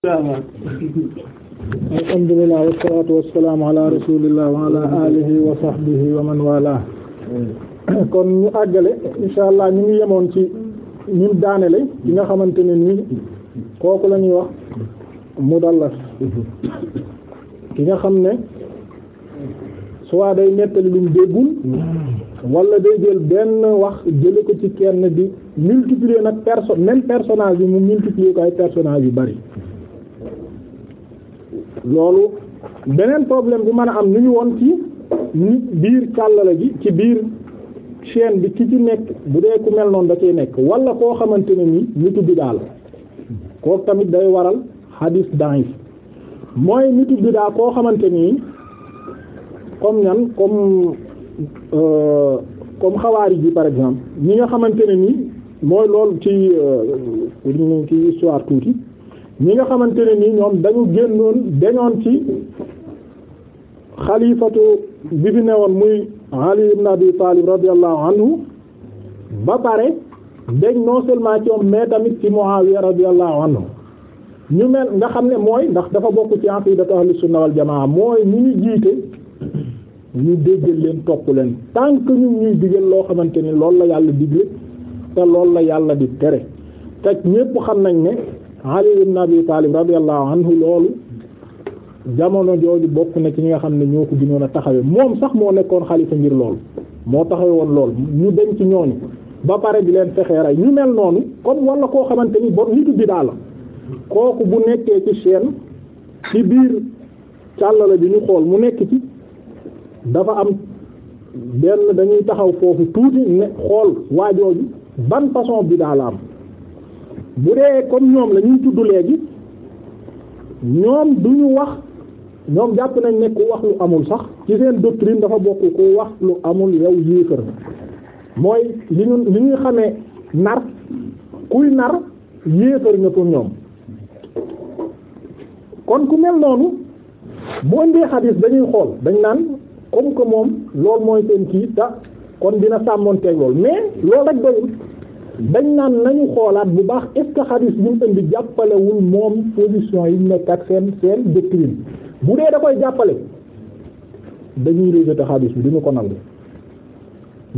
alhamdulilah wasalatu wasalaamu kon ñu àggale insha allah ñu ngi yemoon ci ñun daanele yi nga xamante ne nii kooku la ñuy wax mudallas ki nga xam ne soit day nettali lu mu déggul wala day jël benn wax jële ko ci kenn di multiplier nag perso même personnage bi mu multiplier ko ay personnage yu bari loolu beneen problème bi man a am ñu woon ci nit biir càllale gi ci biir chaîne bi ki ci nekk bu dee ku mel noonu da cay nekk walla koo xamante ne ni nitu bidaa la kooku tamit day waral hadis da'if mooy nitu bidaa koo xamante nii comme ñan comme euh, comme xawaari ji par exemple ñi nga xamante ne ni mooy loolu ci ci euh, histoire tuuti. ñi nga xamante ne nii ñoom dañu génnoon deñoon ci xalifatu bi fi newoon muy Ali ibn Abi Talib radiyallahu anhu ba pare dañ non seulement ci moom mais tamit ci Muawiya radiyallahu anhu ñu mel nga xam ne mooy ndax dafa bokk ci aqidatu ahlu sunna wal jamaa mooy ñu ñu jiite ñu déggal leen topp leen tant ñu ñuy digal loo xamante ni loolu la yàlla digle te loolu la yàlla di tere te ñépp xam nañ ne Ali ibn Abi Talib radiyallahu anhu loolu jamono jooju bokk na ci ñi nga xam ne ñoo ko gënoon a taxawee moom sax moo nekkoon xalifa ngir loolu moo taxawee woon loolu ñu dem ci ñooñu ba pare di leen fexee rey ñu mel noonu comme walla koo xamante ni bon nitu bidaa la kooku bu nekkee ci chaîne ci biir càllala bi ñu xool mu nekk ci dafa am benn dañuy taxaw foofu tuuti ne xool waajooju ban façon bidaa la am bu dee comme ñoom lañuy tudd léegi ñoom du ñu wax ñoom jàpp nañ ne ku wax lu amul sax ci seen doctrine dafa bokk ku wax lu amul yow yéefar mooy li ñu li ñuy xamee nar kuy nar yéefar nga pour ñoom kon ku mel noonu bu ëndee xadis dañuy xool dañ naan comme que moom loolu mooy seen kii ta kon dina sàmmoon teg loolu mais loolu rek doyul dañ naan nañu xoolaat bu baax est-ce que xadis bi mu indi jàppalewul moom position yi nekk ak seen seen bu dee da koy jàppale dañuy rejeté xadis bi duñu ko nangu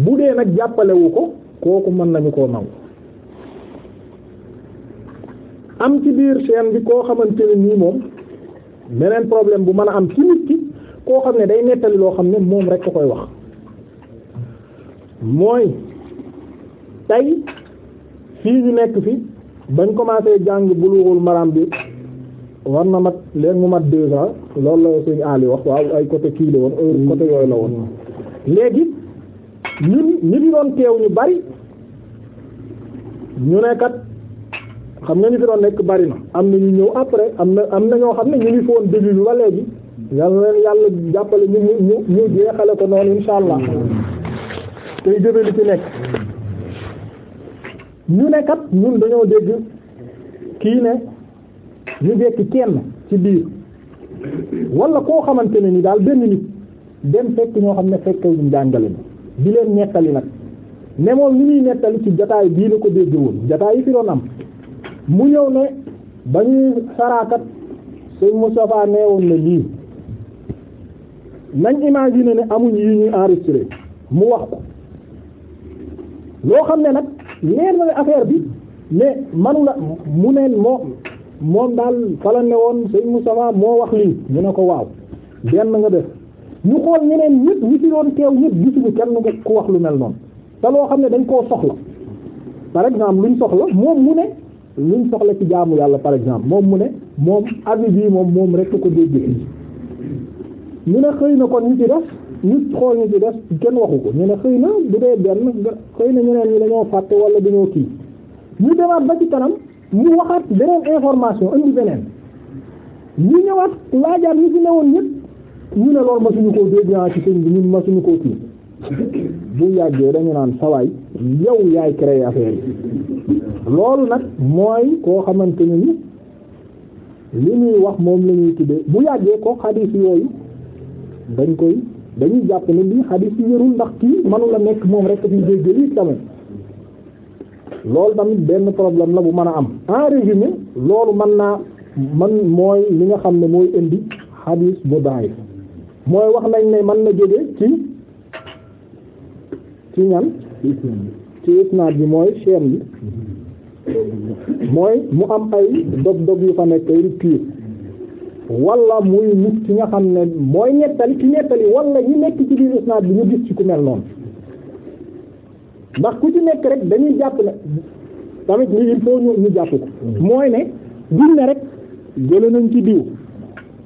bu dee nag jàppalewu ko kooku mën nañu koo nangu am ci biir chaîne bi koo xamante ne moom beneen problème bu mën a am ci nit ki koo xam ne day nettali loo xam ne moom rek ko koy wax mooy tey fii ñu nekk fi bañ commencé jàng Bulughul Maram bi war na mat leen mu mat deux ans loolu la suñu aali wax waaw ay côté kii la woon heure côté yooyu la woon léegi ñun ñi fi doon teew ñu bari ñu ne xam nga ñu fi doon nekk bari na am na ñu ñëw après am na am na ñoo xam ne ñu ngi foon début bi ba léegi yàlla leen yàlla jàppale ñu ñu ñu jeexale ko noonu insha allah mm. tey jëfe li ci nekk ñu ne kat ñun dañoo dégg kii ne ñu dekk kenn ci biir wala koo xamante ne ni daal benn nit dem fekk ñoo xam ne fekk ñu jàngale bi leen nettali nag ne moom li nettali ci jataay bii la ko dégg woon jataay yi fi am mu ñëw ne ba ñuy saraakat sëñ Moustapha nee woon na lii nañ imaginer ne amuñ yi ñuy enregistré mu wax ko loo xam ne nag leer na affaire bi mais manu la mu neen moom moom daal fala ne woon sëñ Moustapha moo wax lii ñu ne ko waaw na nga def ñu xool ñeneen ñëpp ñu ci doon teew ñëpp gisuñu kenn ku wax lu mel noonu te loo xam ne dañ koo soxla par exemple luñ soxla moom mu ne luñ soxla ci jaamu yàlla par exemple moom mu ne moom avis bi moom moom rek ko dégg ñu ne xëy na kon ñu ci def ñu xool ñu ci des kenn waxu ko ñu ne xëy na bu dee benn xëy na ñeneen ñi dañoo fàtte wala dañoo kii ñu demaat ba ci kanam ñu waxaat beneen information indi beneen ñu ñëwaat laajaat ñu ci newoon ñëpp ñu ne loolu masuñu koo dégg naa ah ci sëñ bi ñun masuñu koo kii bu yàggee dañu naan sawaay yow yaay créé affaire yi loolu nag mooy koo xamante ne ni li ñuy wax moom la ñuy tuddee bu yàggee ko xadiis yooyu dañ koy dañuy jàpp ne lii xadiis yi wérul ndax kii mënu la nekk moom rek ñu koy jëli tamit loolu tamit benn problème la bu mën a am en résumé loolu mën naa man mooy li nga xam ne mooy indi xadiis bu daay mooy wax nañ ne mën na jóge ci ci ñan ci isnaad bi mooy chaîne bi mooy mu am ay dog dog yu fa nekk ay wala muy nit ki nga xam ne mooy nettali ki nettali wala ñi nekk ci biir isnaad bi ñu gis ci ku mel noonu ndax ku ci nekk rek dañuy jàpp ne tamit li il faut ñu ñu jàpp ko mooy ne duñ ne rek jële nañ ci diw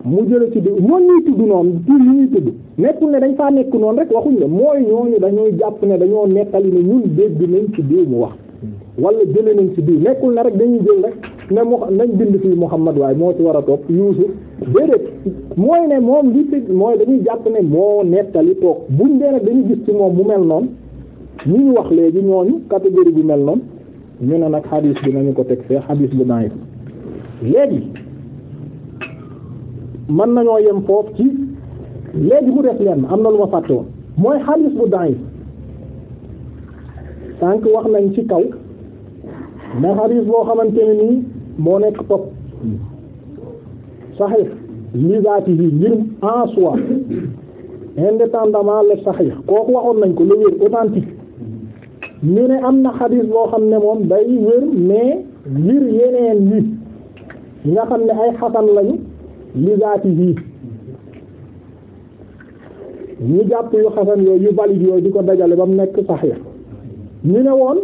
mu jële ci diw ñoon ñuy tudd noonu tur yi ñuy tudd nekkul ne dañ faa nekk noonu rek waxuñ la mooy ñooñu dañoo jàpp ne dañoo nettali ne ñun dégg nañ ci diw mu wax wala jële nañ ci diw nekkul ne rek dañuy jël rek ne mu nañ bind fii Muhammad waaye moo ci war a topp Yuusuf déedéet mooy ne moom li ci mooy dañuy jàpp ne moo nettali toog buñ dee nag dañuy gis ci moom mu mel noonu ñu ñu wax léegi ñooñu catégorie bi mel noonu ñu ne nag xadiis bi nañu ko teg fee xadiis bu naay léegi mën nañoo yem foofu ci léegi mu def leen am na lu ma fàtte woon mooy xadiis bu daif tànk wax nañ ci kaw na xadiis boo xamante ne nii moo nekk topp saxiix li zaatihi ngir en soi indépendamment le saxiix kooku waxoon nañ ko le wér authentique ñu ne am na xadis boo xam ne moom day wér mais ngir yeneen yi nga xam ne ay xasan lañu li zaatihi ñu jàpp yu xasan yooyu yu valide yooyu di ko dajale ba mu nekk saxiix ñu ne woon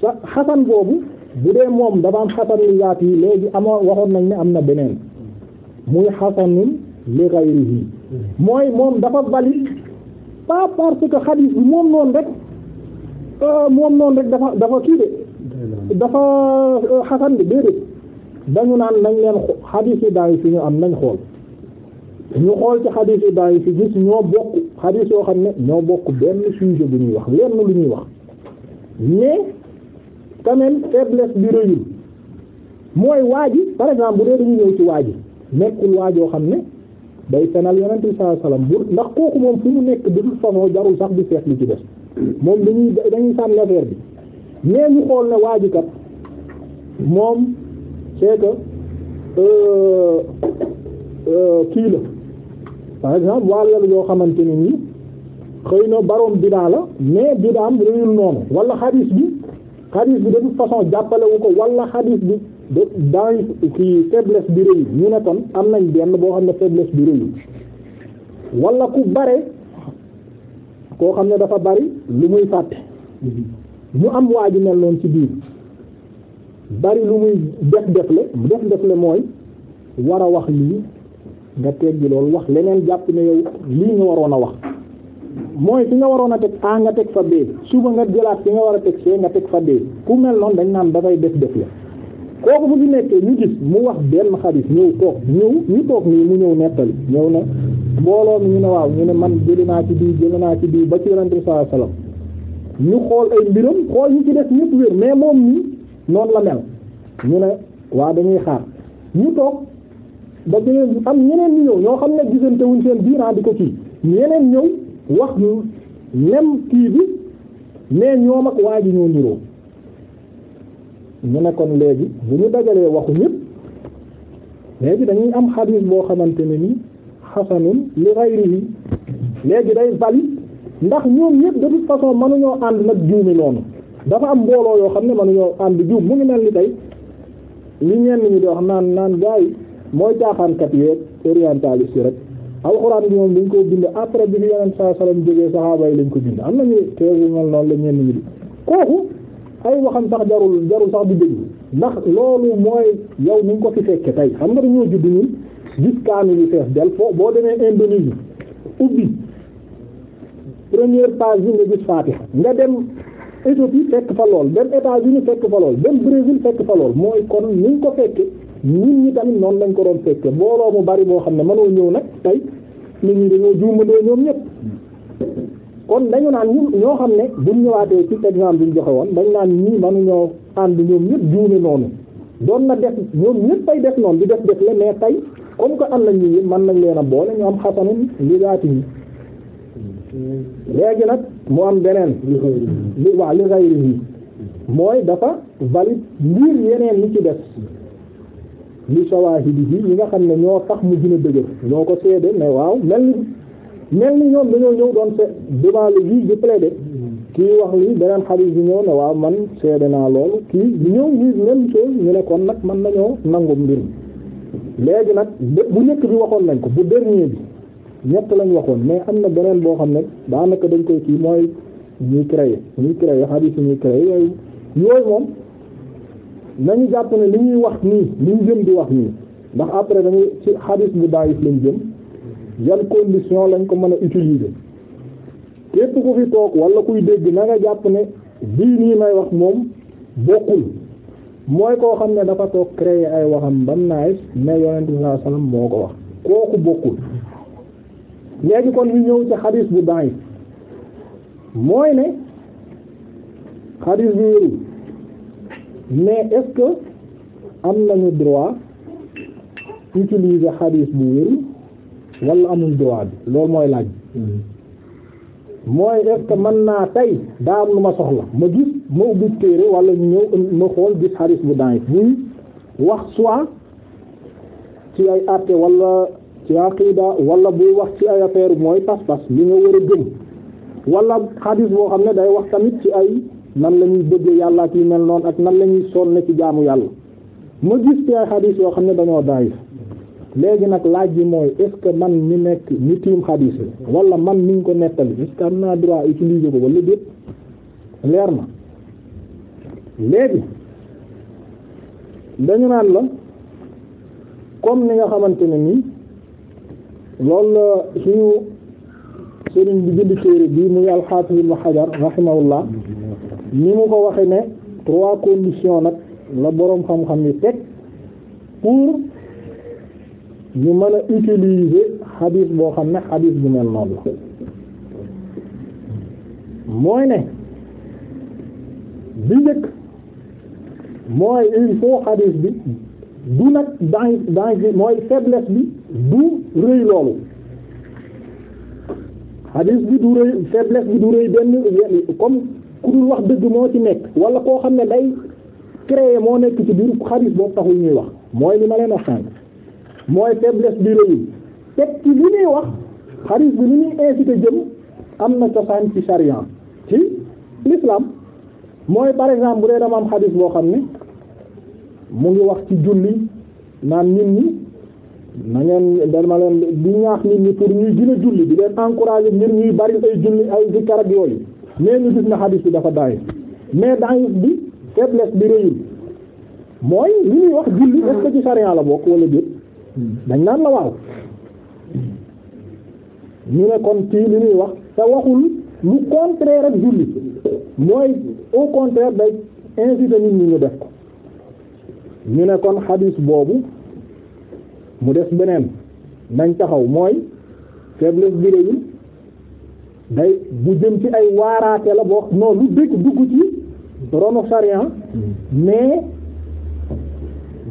sa xasan boobu bu dee moom dafa am xasanul zaat yi léegi amoo waxoon nañ ne am na beneen muy xasanul li ghayrihi mooy moom dafa valide pas parce que xadiis moom noonu rek euh, moom noonu rek dafa dafa kii de dafa euh, xasan bi déedéet dañu naan nañ leen xadiis yi daay fi am nañ xool ñu xool ci xadiis yi daay fi gis ñoo bokk xadiis xam ne ñoo bokk benn sujet bu ñuy wax lenn lu ñuy wax mais quand même faiblesse bi rëyul mooy waa ji par exemple bu dee dañu ñëw ci waa ji nekkul waajoo xam ne day fenal yonent bi sallallahu bu ndax kooku moom fu mu nekk de toute façon jarul sax di seet li ci des moom dañuy dañuy sànni affaire bi mais ñu xool ne waa kat moom c'est euh, euh, kii la par exemple wàllu yoo xamante ne nii xëy na baroom bidaa la mais bidaam rëyul noonu wala xadiis bi. xadis bi de toute façon jàppalewu ko wala xadis bi de daañ ci faiblesse bi rëy ñu ne kon am nañ benn boo xam ne faiblesse bi rëy wala ku bare koo xam ne dafa bari lu muy fàtte ñu am waa ji mel ci biir bari lu muy def defle def defle mooy war a wax lii nga teggi loolu wax leneen jàpp ne yow lii nga waroon a wax mooy fi nga waroon a teg A nga teg fa B suba nga jëlaat fi nga war a teg C nga teg fa D ku mel noonu dañ naan dafay def def la kooku bu fi nekkee ñu gis mu wax benn xadis ñëw toog ñëw ñu toog nii mu ñëw nettali ñëw ne mbooloo mi ñu ne waaw ñu ne man jëli naa ci bii jëli naa ci bii ba ci yonente bi sallallahu alayhi ñu xool ay mbiram xool ñu ci def ñëpp wér mais moom nii noonu la mel ñu ne waa dañuy xaar ñu toog ba beneen am ñeneen ñu ñëw ñoo xam ne gisante wuñ seen biir ah, di ko kii ñeneen ñëw wax ñu même kii bi mais ñoom ak waa ji ñoo niroo ñu nekkoon léegi bu ñu dajalee waxu ñëpp léegi dañuy am xadiis boo xamante ne ni xasanun li ghayrihi léegi day valide ndax ñoom ñëpp de toute façon mënuñoo ànd nag juumi noonu dafa am mbooloo yoo xam ne mënuñoo ànd juum mu ngi mel ni tey li ñenn ñi di wax naan naan gars yi mooy jaaxaankat yeeg orientaliste rek alxuraan bi moom dañ koo bind après bi fi yeneen saa salaam jógee saxaaba yi lañ ko bind am na teew yu mel noonu la ñenn ay waxam sax jarul jarul sax ndax loolu mooy yow ni ko fi fekke tey xam nga dañoo judd ñun gis kaanu yu fees del fo boo demee Indonésie ubbi première page bi nga gis Fatiha nga dem Éthiopie fekk fa lool dem États-Unis fekk fa lool dem Brésil fekk fa lool mooy kon ni nga ko fekke nit ñi tamit noonu lañ ko doon fekke mbooloo mu bari boo xam ne mënoo ñëw nag tey nit ñi dañoo juumandoo ñoom ñëpp kon dañu naan ñu ñoo xam ne buñ ñëwaatee ci exemple bi ñu joxe woon dañ naan ñii ñoo ànd ñoom ñëpp juume noonu doon nag def ñoom ñëpp ay def noonu di def def la mais tey comme ko am nañ ñu yëpp mën nañ leen boole ñu am xasanun li zaati yi léegi nag mu am beneen li waa li xayri mooy dafa valide ngir yeneen li ci def li shawaahidihi ñi nga xam ne ñoo tax mu gën a dëgër ñoo ko seede mais waaw mel ni mel ni ñoom dañoo ñëw doon se devant le juge di plaider kii wax lii beneen xarit bi ñëw ne waaw man seede naa loolu kii ñëw juge ñu nekkoon nag mën nañoo nangu mbir mi léegi nag bu nekk bi waxoon nañ ko bu dernier bi ñett lañ waxoon mais am na beneen boo xam ne daanaka dañ koy kii mooy ñuy créer ñuy créer xarit yi ñuy créer yooyu yooyu moom nañu jàpp ne li ñuy wax nii li ñu jëm di wax nii ndax après dañuy ci xadis bu daayif lañ jëm yan condition lañ ko mën a utiliser képp ko fi toog wala kuy dégg na nga jàpp ne bii nii may wax moom bokkul mooy koo xam ne dafa toog créer ay waxam bam naay ne yonent bi sallallahu alayhi moo ko wax kooku bokkul léegi kon ñu ñëw ci xadis bu daayif mooy ne xadis bi wérul mais est am nañu droit utiliser xadiis bu wér wala amul droit bi loolu mooy laaj mm-hmm. mooy est-ce mën naa tey daa am lu ma soxla ma gis ma ubbi téere wala ñëw ma xool gis xadiis bu daif buy wax soit ci ay àtte wala ci aqida wala buy wax ci ay affaire mooy pas-pas li nga war a gëm wala xadiis boo xam ne day wax tamit ci ay nan la ñuy bëgg yàlla ak yu mel noonu ak nan la ñuy sonne ci jaamu yàlla ma gis ci ay xadis yoo xam ne dañoo daif léegi nag laaj bi mooy est-ce que man mi nekk mi tiim xadis bi wala man mi ko nettali est am naa droit utiliser ko wala déet leer na léegi dañu naan la comme ni nga xamante ne nii loolu la suñu sëriñ bi bind téere bi muy alxaafis ibnu xajar rahimahullah ni mu ko waxe ne trois conditions nag la boroom xam-xam yi teg pour ñu mën a utiliser xadiis boo xam ne xadiis bu mel noonu la mooy ne bi njëkk mooy il faut bi du nag dans dans mooy faiblesse bi du rëy loolu xadiis bi du rëy faiblesse bi du rëy benn comme ku dul wax dëgg moo ci nekk wala koo xam ne day créer moo nekk ci biir xadis boobu taxul ñuy wax mooy li ma leen wax mooy faiblesse bi réyu teg ci li ñuy wax xadis bi li ñuy incité jëm am na cosaan ci charia ci l'islam mooy par exemple bu dee dama am xadis boo xam ne mu ngi wax ci julli naan nit ñi na ngeen dama leen di ñaax nit ñi pour ñuy gën a julli di leen encourager ngir ñuy bari ay julli ay zikkar ak yooyu mais ñu na xadiis bi dafa daay mais daay bi faiblesse bi réyul mooy li ñuy wax julli est-ce que ci sariya la bokk wala déet dañ naan la waaw ñu ne kon ci li ñuy wax te waxul lu contraire ak julli mooy au contraire day invité nit ñi ñu def ko ñu ne kon xadiis boobu mu des beneen nañ taxaw mooy faiblesse bi réyul day bu jëm ci ay waaraate la boo non lu dëkk dugg ci ronu sariya mais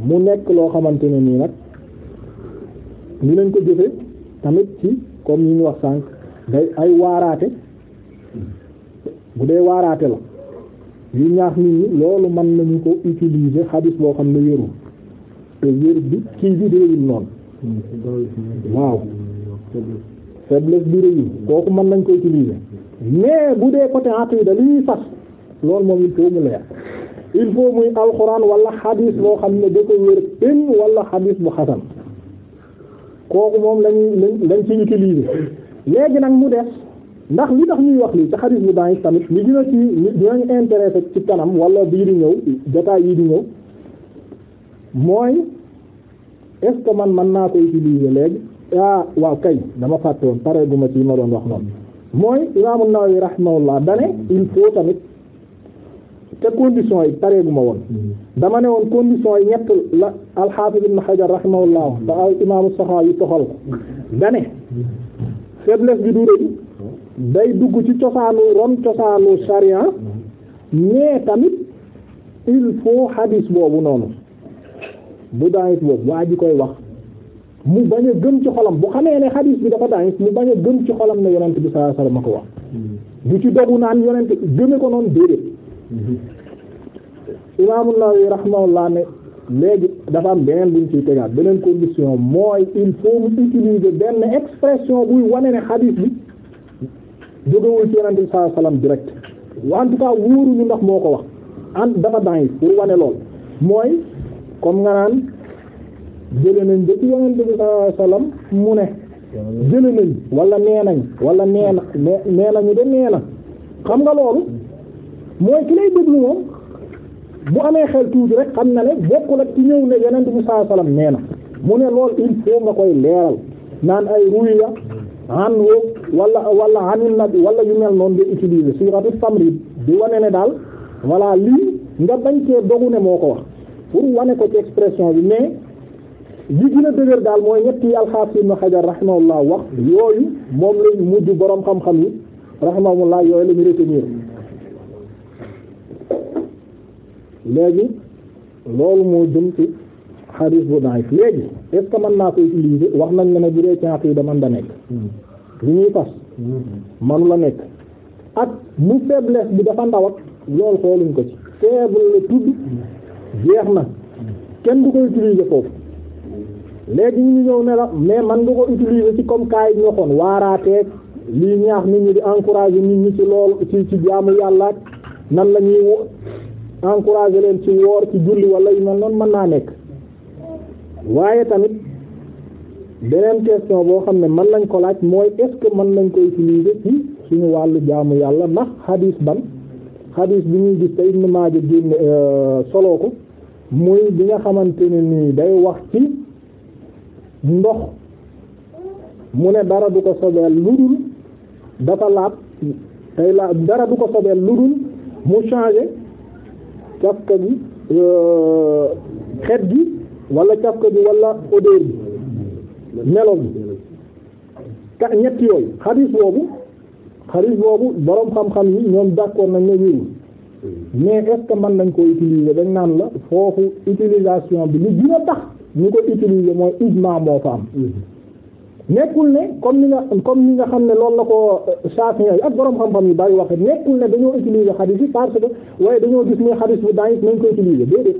mu nekk loo xamante ne nii nag ñu leen ko jëfe tamit ci kon ñu wax sànq day ay waaraate bu dee waaraate la yu ñaax nit ñi loolu man nañu ko utiliser xadis boo xam ne wéru te wér bi kii bi déewul noonu hmm, waaw hmm, faiblesse bi rëyul kooku mën nañ ko utiliser mais bu dee côté da li ñuy fas loolu moom il faut mu leer il faut muy alxuraan wala xadis boo xam ne da ko wér pén wala xadis bu xasan kooku moom lañuy lañ lañ ci utiliser léegi nag mu des ndax li tax ñuy wax lii ci xadis bu daañu tamit li dina ci dinañ intéressé ci kanam wala bii di ñëw jotaay yi di ñëw mooy est man naa koy utiliser léegi ah waaw kay dama fàtte woon pare guma ci ma doon wax noonu mooy imaam an-Nawawi rahimahullah dane il faut tamit te conditions yi pare guma woon dama ne woon conditions yi ñett la al-Hafiz ibn Hajar rahimahullah te al imaam as toxal ko dane faiblesse bi du rëy day dugg ci cosaanu ron cosaanu sharia mais tamit il faut hadis boobu noonu bu daanit boobu waa ji koy wax mu bañ gën ci xolam bu xamee ne xadiis bi dafa daif mu bañ a gëm ci xolam na yonent bi sallallahu la wasallam a ko wax du mm-hmm. ci dogu naan yonent gëme ko noonu déedéet mm-hmm. imaamu Nawawi rahimahullah ne léegi dafa am beneen buñ ciy tegaat beneen condition mooy il faut mu utiliser benn expression buy wane ne xadiis bi jógewul ci yonent bi sallallahu alayhi wasallam direct en tout cas ndax moo ko wax an dafa daif pour wane lool mooy comme nga naan jële nañ ba ci yonent bi sallallahu alayhi mu ne jële nañ wala nee nañ wala nee na nee nañu de nee na xam nga loolu mooy ki lay déglu moom bu amee xel tuuti rek xam na ne bokkul ak ci ñëw ne yonent bi sallallahu alayhi wasallam nee na mu ne lool il faut nga koy leeral naan ay ruya an woo wala wala anil na wala yu mel noonu nga utiliser suratu tamrid di wane ne daal voilà lii nga bañ kee dogu ne moo ko wax pour wane ko ci expression bi mais li gën a dëgër daal mooy ñett yi alxaafis ibn Hajar rahimahullah wax yooyu moom lañ mujj boroom xam-xam yi rahimahullah yooyu lañu retenir léegi loolu moo jëm ci xadiis bu daif léegi est-ce que naa ko utiliser wax nañ ne ne bu dee ci aqiida man nekk hmm. li ñuy fas hmm. manu nekk ak mu faiblesse bi dafa ndawat loolu xooluñ ko ci faible la tudd hmm. jeex na kenn du ko utiliser foofu léegi ñu ñëw ne mais man nga ko utiliser ci comme cas yi ñu waxoon waaraateeg lii ñaax nit ñi di encourager nit ñi ci lool ci ci jaamu yàlla nan la ñuy leen ci woor ci julli wala yu mel noonu mën naa nekk waaye tamit beneen question boo xam ne man nañ ko laaj mooy est-ce que mën nañ ko utiliser ci suñu wàllu jaamu yàlla ndax xadiis ban xadiis bi ñuy gis te Ibn a génn euh, soloo ko muy bi nga xamante ne nii day wax ci. ndox mu ne dara du ko sobeel lu dul dafa laab tey laab dara du ko sobeel lu dul mu changer cafka gi euh, xet gi walla cafka gi wala odeur bi melo bi ka ñett yooyu xadis boobu xadis boobu borom xam-xam yi ñoom d'accord nañ ne wérul mais est-ce mën nañ ko utiliser dañ naan la foofu utilisation bi li gën a tax ñu ko utiliser mooy ijma moo fa am mm-hmm. nekkul ne comme ni nga comme ni nga xam ne loolu la ko euh, Shafi'i ay ak borom xam-xam yu bari wax nekkul ne dañoo utiliser xadis yi parce que waaye dañoo gis ne xadis bu daayif nañ ko utiliser déedéet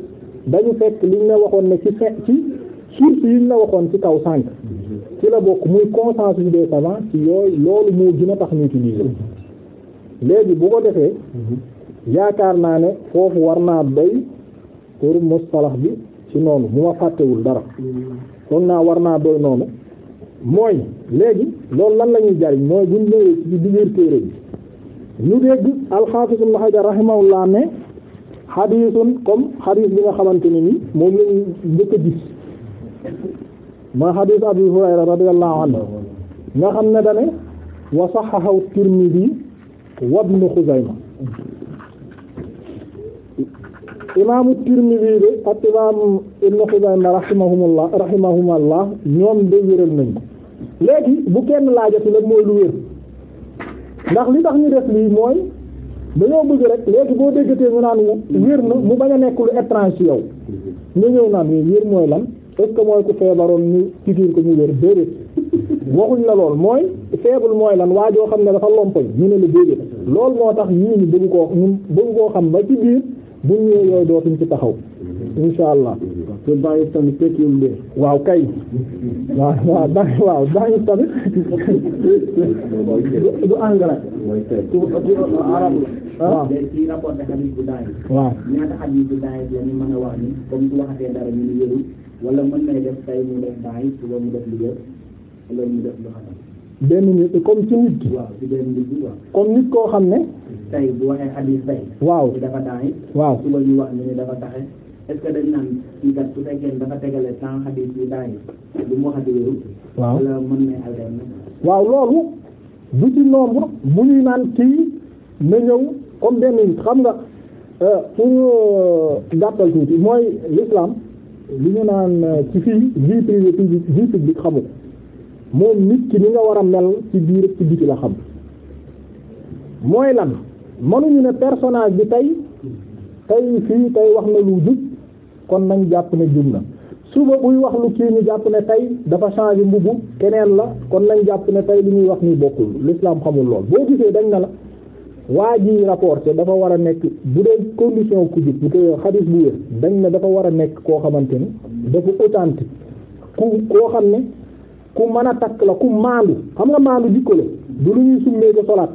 dañu fekk liñ la waxoon ne ci fin ci source yiñ la waxoon ci kaw mm-hmm. ci la bokk muy consensus des savants ci yooyu loolu moo gën a tax ñu utiliser mm-hmm. léegi bu ko defee yaakaar naa ne foofu war naa doy pour mustalax bi ci noonu bu ma fàttewul dara kon naa war naa doy noonu mooy léegi loolu lan la ñuy jariñ mooy buñ ñëwee ci biir téere bi ñu dégg alxaafis ibn Hajar rahimahullah ne xadiisun comme xadiis bi nga xamante ne ni moom lañu njëkk gis mooy xadiis Abu Hurayra radiyallahu anhu nga xam ne dane wa saxaxaw Tirmidi wa Ibn Xuzayma imaamu Tirmidhi de ak imaamu Ibnu Xuzayma rahimahumullah rahimahumallah ñoom de wéral nañ ko léegi bu kenn laajati la mooy lu wér ndax li tax ñu def lii mooy dañoo bëgg rek léegi boo déggatee ñu naan wér na mu bañ a nekk lu étrange ci yow nga ñëw naan wér mooy lan est-ce que mooy ku feebaroon ñu piqûre ko ñu wér déedéet waxuñ la lool mooy faible mooy lan waa joo xam ne dafa lompoñ ñu ne la déedéet lool moo tax ñii ñu bëgg koo ñu bëgg koo xam ba ci bu ñëwee yooyu dootuñ ci taxaw insha allah te bàyyi tamit tekkiwul de waaw kay waaw waaw da waaw bàyyi tamit du engrais arab la waaw ah. ah. ci rapport de xadiis bu daay waaw ñaata xadiis bu daay la ñu mën a wax ni comme su waxatee dara ñu ni wérul wala mën na def tay mu def daay suba mu def lu wér wala mu def lu xatam benn nit comme ci nit ki waaw ci benn nit ki waaw comme nit koo xam ne tey bu waaw dafa daay waaw suba dafa taxe est-ce que dañ naan ci gat bu fekkee dafa tegale sans xadis waaw wala mën na alden waaw loolu ci nombre bu ñuy naan kii na ñëw comme benn xam nga euh, pour euh, gàttal tuuti mooy l'islam li ñu naan euh, ci fii vie privée publique vie publique xamul moom nit ki ni nga war a mel ci biir ak ci biti la xam mooy lan mënuñu ne personnage bi tey tey fii tey wax na lu jub kon nañ jàpp ne jub na suba buy wax lu kii ñu jàpp ne tey dafa changé mbubu keneen la kon nañ jàpp ne tey li ñuy wax ni bokkul l'islam xamul lool boo gisee dañ na la waa ji rapporté dafa war a nekk bu dee condition ku jub bu ko xadis bu wér dañ ne dafa war a nekk koo xamante ni dafa authentique ku koo xam ne ku mën a takk la ku maandu xam nga maandu jikko la du lu ñuy summee ko solaat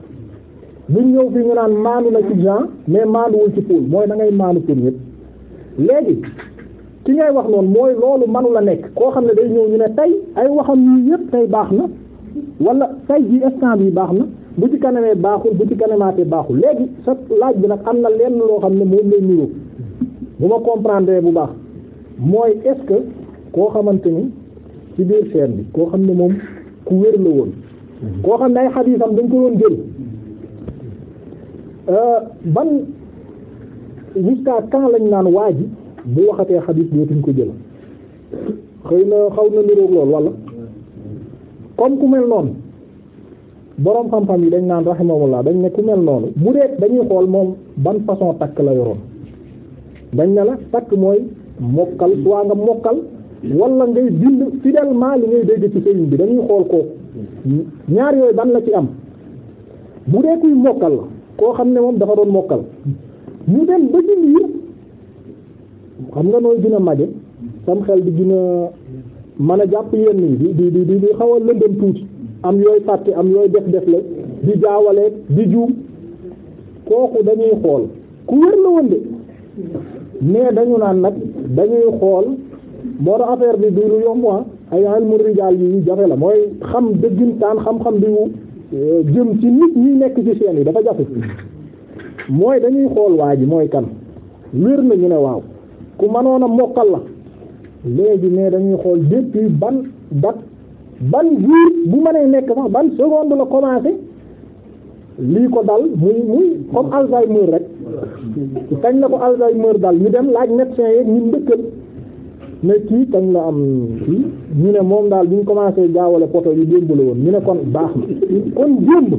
buñ ñëw fi ñu naan maandu na ci Jean mais maanduwul ci Paul mooy dangay ngay maandu pour léegi ki ngay wax noonu mooy loolu manu la nekk koo xam ne day ñëw ñu ne tey ay waxam yu yëpp tey baax na wala tey ji instant bi baax na bu ci kanamee baaxul bu ci kanamaatee baaxul léegi sa laaj bi nag am na lenn loo xam ne moom lay niroo bu ma comprendre bu baax mooy est-ce que koo xamante ni ci biir chaîne bi koo xam ne moom ku wér la woon koo xam ne ay xadiisam dañ ko doon jël Euh, ban jusqu'à quand lañ naan waa ji bu waxatee xadis dootuñ ko jël xëy na xaw na niroog lool wala comme ku mel noonu boroom xam-xam yi dañ naan rahimahullah dañ ne ku mel noonu bu dee dañuy xool moom ban façon takk la yoroon dañ ne la takk mooy mokkal waa nga mokkal wala ngay bind fidèlement li ngay dégg ci sëriñ bi dañuy xool kooku ñaar yooyu ban la ci am bu dee kuy mokkal koo xam ne moom dafa doon mokkal mu dem ba ci biir xam nga nooy dina maje sam xel di gina a mën a jàpp yenn yi di di di di xaw a lëndëm tuuti am yooy fàtte am yooy def def la di jaawale di juum kooku dañuy xool ku wér la woon de mais dañu naan nag dañuy xool moo tax affaire bi du lu yomb ah. ay ilmu rijaal yi jafe la mooy xam dëggintaan xam-xam bi wu Euh, jëm ci nit ñi nekk ci seen yi dafa jafe mooy dañuy xool waa ji mooy kan wér nañu ne waaw ku mënoon a mokkal la léegi mais dañuy xool depuis ban date ban jour bu mënee nekk sax ban seconde la commencé lii ko dal muy muy comme Alzheimer rek kañ la ko Alzheimer dal ñu dem laaj médecin yeeg ñu ndëkkal ne kii kañ la am kii ñu ne moom daal bi ñu commencé jaawale poto yi démb la woon ñu ne kon baax na kon démb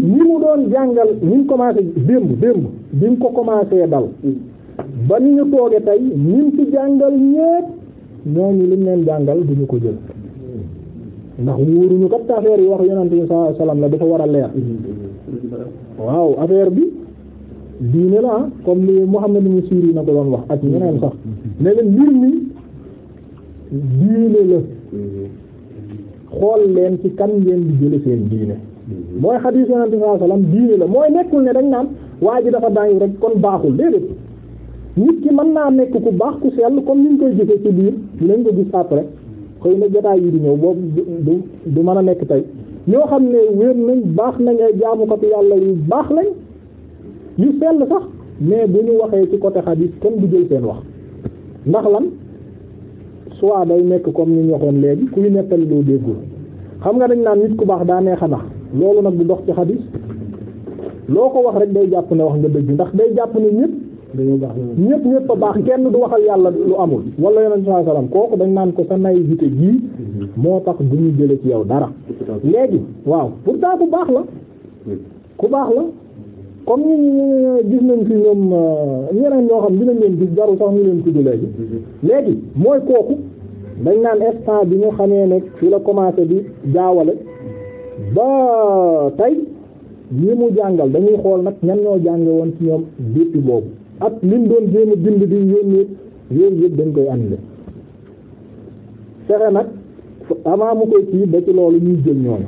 ñi mu doon jàngal ñu commencé démb démb bi ñu ko commencé dal ba ni ñu tooge tey ñun ci jàngal ñépp ñooñu lim leen jàngal duñu ko jël ndax ñu kat affaire yi wax yonent bi sallallahu alayhi wasallam la dafa war a leer waaw affaire bi diine la ah, comme li xam Muhammad ibn Sirin na ko doon wax ak ñeneen sax ne leen mbir mi diine la xool leen ci kan ngeen bi jële seen diine mooy xadiis yonent bi sallallahu alayhi diine la mooy nekkul ne dañ naan waa ji dafa daañu rek kon baaxul déedéet nit ki mën naa nekk ku baax ku sell comme niñ koy jëfe ci biir lañ ko gis après xëy na jotaay yi di ñëw boobu du man a nekk tey ñoo xam ne wér nañ baax nañ ay jaamukatu yàlla yu baax lañ yu sell sax mais bu ñu waxee ci côté xadiis kenn du jël seen wax ndax lan soit day nekk comme ni ñu waxoon léegi kuy nettali doo déggul xam nga dañ naan nit ku baax daa neex a nax loolu nag du dox ci xadis loo ko wax rek day jàpp ne wax nga dëgg ndax day jàpp ne ñëpp ñëpp ñëpp a baax kenn du waxal yàlla lu amul wala yonent sallallahu alayhi wasallam kooku dañ naan ko sa te gii mhm. moo tax du ñu jële ci yow dara léegi waaw pourtant bu baax la ku baax la comme ñu gis nañ fi ñoom euh, ñeneen ñoo xam dinañ leen gis jarul sax ñu leen tudd léegi léegi mooy kooku dañ naan instant bi ñu xamee ne fi la commencé bi jaawale ba tey li mu jàngal dañuy xool nag ñan ñoo jànge woon ci ñoom depuis boobu ak liñ doon jéem a bind di yónnee yooyu yëpp dañ koy annulé fexe nag avant mu koy kii ba ci loolu ñuy jël ñooñu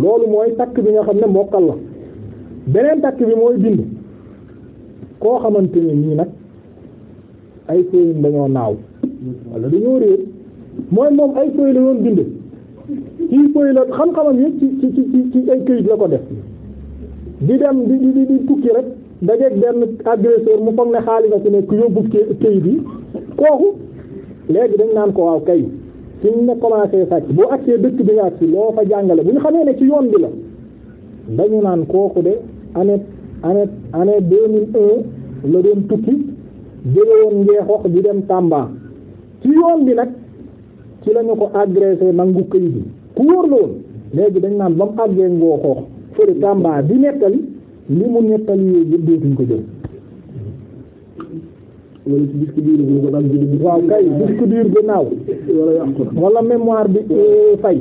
loolu mooy takk bi nga xam ne mokkal la beneen takk bi mooy bind koo xamante ne nii nag ay feuilles dañoo naaw wala dañoo réer mooy moom ay feuilles la doon bind kii feuille la xam-xamam yëpp ci ci ci ay këyit la ko def di dem di di di tukki rek dajeeg benn agresseur mu foog ne xaalis na ci nekk yóbbu këyit yi kooku léegi dañ naan ko waaw kay suñ ne commencé sàcc boo agsee dëkk bi nga agsi loo fa jàngale bu ñu xamee ne ci yoon bi la dañu naan kooku de année année année deux mille un la doon tukki jóge woon ngeexox di dem Tamba ci yoon bi nag ci la ñu ko agressé nangu këy bi ku wóor la léegi dañ naan ba mu àggee ngoo xoox fële Tamba di nettali li mu nettali yooyu yëpp dootuñ ko jël wala ci disque dur bi nga waaw kay disque dur bi naaw. wala mémoire bi euh, fay.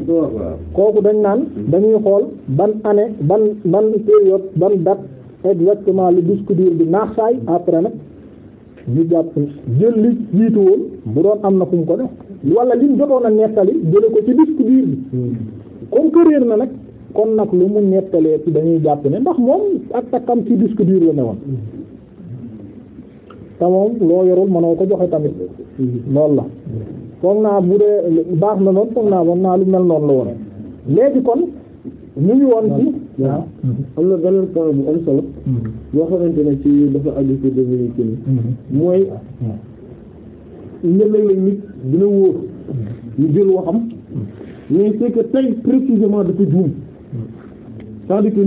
kooku dañ naan dañuy xool ban année ban ban période ban date exactement lu disque diir bi naax saay après nag ñu jàpp jël li jiitu woon bu doon am na fu ko def wala liñ jotoon nettali jële ko ci disque dur bi comme na nag kon nag lu mu nettalee ci dañuy jàpp ne ndax moom ak takkam ci disque dur la ne woon. te moom loo yorul mënoo ko joxe tamit loolu la foog naa bu dee baax na noonu foog naa moom naa lu mel noonu la woon léegi kon ñu ngi woon ci waaw am na beneen point bu am solo mm-hmm. yoo ci dafa aju ci mm-hmm. Mm-hmm. dafa juum c'est-à-dire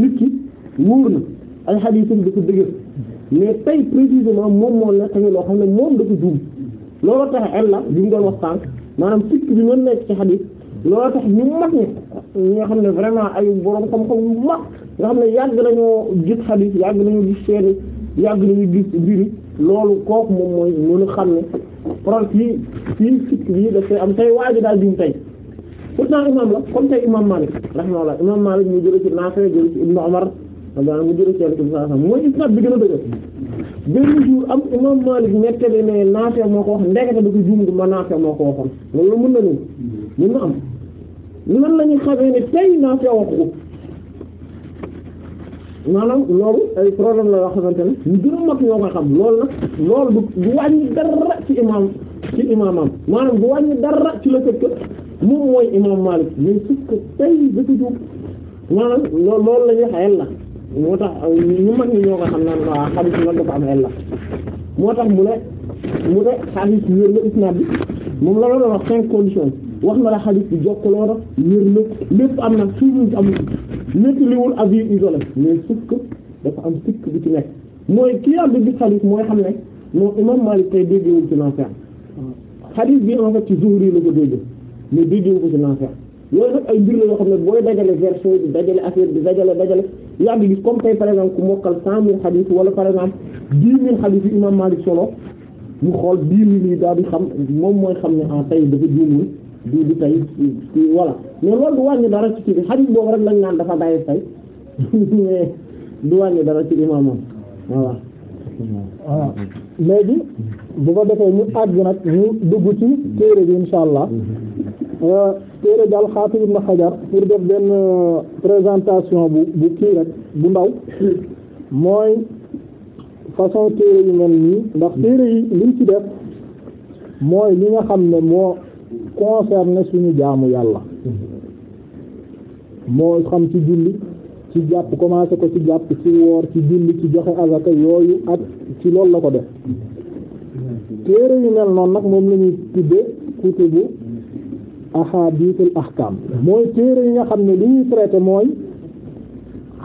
na ay xadiisam dafa dëgër mais tey précisément moom moo nekk ñu loo xam ne moom dafa juum looloo tax ella bi mu doon wax sànq maanaam sikk bi mën nekk ci xadiis looloo tax ñu mag ñi nga xam ne vraiment ay borom xam-xam yu nga xam ne yàgg nañoo gis xadiis yàgg nañu gis seeni yàgg nañu gis mbiri loolu kooku moom mooy mënu xam ne proche yi fii sikk bi dafay am tey waa ji daal juum tey pourtant imam la comme tey imam Malik rahimahullah imam Malik ñu jële ci Naafi jële ci Ibn Umar wala mu jëlee ci bi sallallahu alayhi wasallam mooy isnaad bi gën a dëgër benn jour am imam Malik nettali ne Naafi' moo ko wax ndekete da ko juum ma Naafi' moo ko waxoon loolu mën na ni mën na am nan la ñuy xamee ne tey Naafi' wax ko maanaam loolu ay problème la yoo xamante ne gën a mag ñoo ko xam loolu nag loolu du du wàññi dara ci imam ci imamam maanaam du wàññi dara ci la fekk moom mooy imam Malik mais su ko tey da ko maanaam loolu loolu la ñuy la moo tax ñu mag ñi ñoo ko xam naan waa xadis nag dafa am ella moo tax mu ne mu ne xadis wér la isnaad bi moom la doon wax cinq conditions wax na la xadis bi jokkaloo rek wér lépp am na suñu amul nettaliwul ab yi isolé mais sikk dafa am sikk bi ci nekk mooy kii am bi gis xadis mooy xam ne moom imam Malik tey déggewul ci Naafi' xadis bi en ci Zuhri la ko dégg mais déggewu ko ci Naafi' yooyu nag ay mbir la yoo xam ne booy dajale version bi dajale affaire bi dajale dajale yàgg gis comme tey par exemple ku mokkal cent mille xadis wala par exemple dix mille xadis yu imam Malik solo mu xool dix mille yi daal di xam moom mooy xam ne en ah tey dafa juumul du du tey voilà mais loolu du wàññi dara ci kii bi xadis boobu rek lañ naan dafa daye tey mais du wàññi dara ci imam moom voilà waaw léegi bu ko defee ñu àgg nag ñu dugg ci téere bi insha allah mm-hmm. Euh, téere daal xaatib ibn Hajar pour def benn euh, présentation bu bu kii rek bu ndaw mooy façon téere yu mel nii ndax téere yi liñ ci def mooy li nga xam ne moo concerne suñu jaamu yàlla moo xam ci julli ci jàpp commencé ko ci jàpp ci woor ci julli ci joxe azaka yooyu ak ci loolu la ko def téere yu mel noonu nag moom lañuy ñuy kutubu ahadithul ahkam mooy téere yi nga xam ne li ñuy traité mooy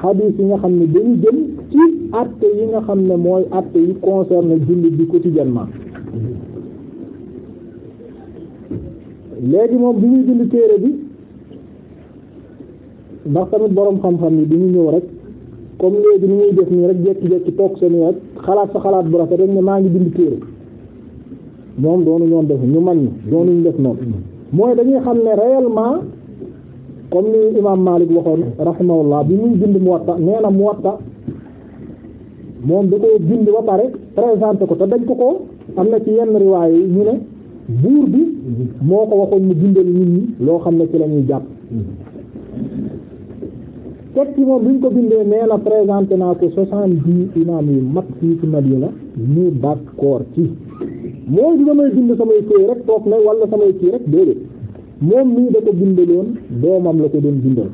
hadith yi nga xam ne dañu jëm ci acte yi nga xam ne mooy acte yi concerne jullit bi quotidiennement léegi moom bi ñuy bind téere bi ndax tamit boroom xam-xam yi bi ñu ñëw rek comme léegi ni ñuy def nii rek jekki-jekki toog seen rek xalaat sa xalaat bu rafet rek ne maa ngi bind téere moom doonu ñoon def ñu man ñi doonuñ def noonu mooy dañuy xam ne réellement comme ni imaam Malik waxoon rahimahullah bi muy bind Muwatta nee na Muwatta moom da koo bind ba pare présenté ko te dañ ko ko am na ci yenn riwaay yi ñu ne buur bi moo ko waxoon mu bindal nit ñi loo xam ne ci la ñuy jàpp teg ci moom bi ko bindee nee na présenté naa ko soixante-dix imaam yu mag fii ci Madina ñu d'accord ci mooy du damay bind samay kii rek toog na wala samay kii rek déedéet moom mii da ko bindaloon doomam la ko doon bindal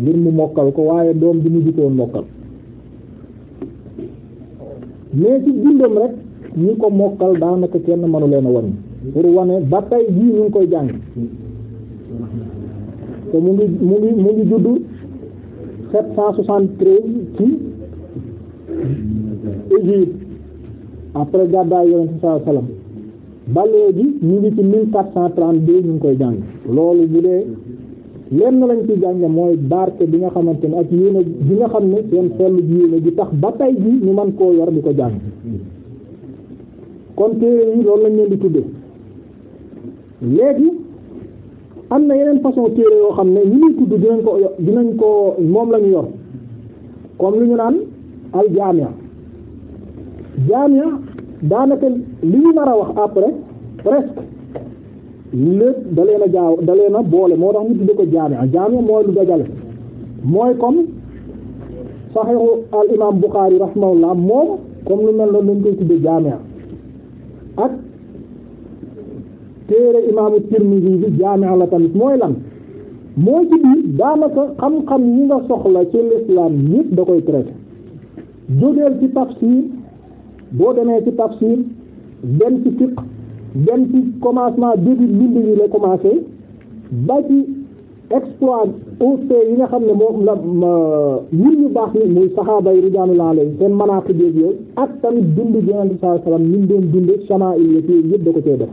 ngir mu mokkal ko waaye doom bi mu jikoon mokkal mais ci bindam rek ñi ko mokkal daanaka kenn mënu leen a wan pour wane ba tey gii ñu ngi koy jàng te mu ngi mu ngi mu ngi judd sept cent soixante-treize ci Égypte après gàddaay yonent bi sallallahu ba léegi ñu ngi ci mille quatre cent trente ñu ngi koy jàng loolu bu dee lenn lañ ci jàng mooy barke bi nga xamante ni ak yéene bi nga xam ne seen xel ji yéene ji tax ba tey ji ñu man koo yor di ko jàng kon téere yi loolu lañ leen di tuddee léegi am na yeneen façon téere yoo xam ne ñu ñuy tudd dinañ ko dinañ ko moom lañu yor comme lu ñu naan al jaamiya daanaka li ñu nar a wax après presque lépp da leen a jaaw da leen boole moo tax ñu tudde ko jaamiya jaamiya mooy lu dajale mooy comme saxiixu al imaam Buxaari rahimahullah moom comme lu mel noonu lañ koy tudde jaamiya ak téere imaamu Tirmidi bi jaamiya la tamit mooy lan mooy ci biir daanaka xam-xam yi nga soxla ci l'islam yëpp da koy traité jógeel ci tafsir boo demee ci tafsir dem ci fiqh dem ci commencement début bind yi la commencé ba ci exploit auste yi nga xam ne moom la ñun ñu baax ni muy saxaaba yi ridwanullah alayhim seen manaaq déeg yooyu ak tamit dund yonent bi sallallahu alayhi wasallam ñun doon dund shama'il yëpp da ko cee def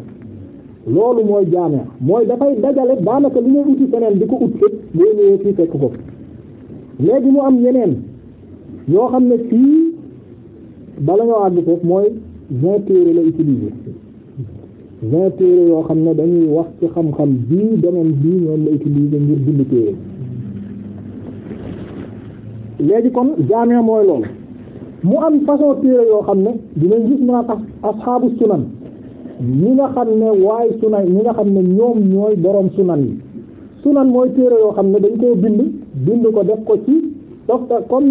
loolu mooy jaamee mooy dafay dajale daanaka li ngay uti feneen di ko ut fëpp boo ko léegi mu am yeneen yoo xam ne fii bala ñoo àgg foofu mooy vingt téere la utiliser vingt téere yoo xam ne dañuy wax ci xam-xam bii domaine bii ñoom la utiliser ngir bind téere léegi kon jaamee mooy loolu mu am façon téere yoo xam ne dinañ gis mu naan asxaabu sunan ñi nga xam ne waay sunan ñi nga xam ne ñoom ñooy borom sunan yi sunan mooy téere yoo xam ne dañ koo bind bind ko def ko ci comme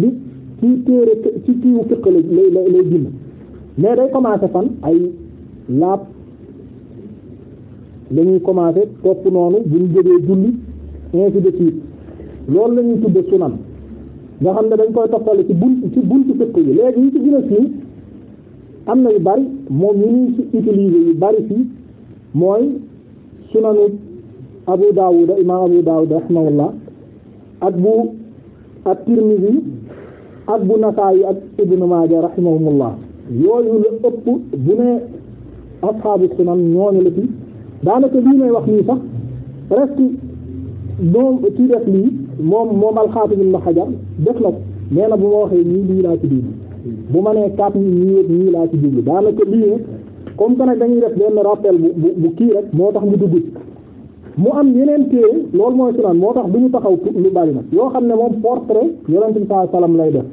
ni di ci téere ci kiiwu fiq lay lay lay bind mais day commencer fan ay laab dañuy commencer topp noonu bu ñu julli loolu lañuy ñuy tudde sunan nga xam ne dañ koy toppale ci bunt ci buntu fiq yi léegi yi ci gën a am na yu bari moom ñu ñuy si utiliser yu bari fii mooy sunanu Abu Dawud imam Abu Dawud rahimahullah ak bu at-Tirmidhi ak bu yi ak Ibnu Maaja rahimahumullah yooyu la ëpp bu ne ashaabu sunan ñooñu la ci daanaka lii may wax nii sax presque doom ci def lii moom moom alxaatim ibnu Hajar def na ko bu ma waxee ñii lii laa ci déglu bu ma nee quatre ñii ñii laa ci déglu daanaka lii ne comme que nag dañuy def benn rappel bu bu kii rek moo tax mu dugg mu am yeneen téere loolu mooy sunaan moo tax du ñu taxaw lu bari yoo xam ne moom portrait yonent bi sallallahu alayhi wasallam lay def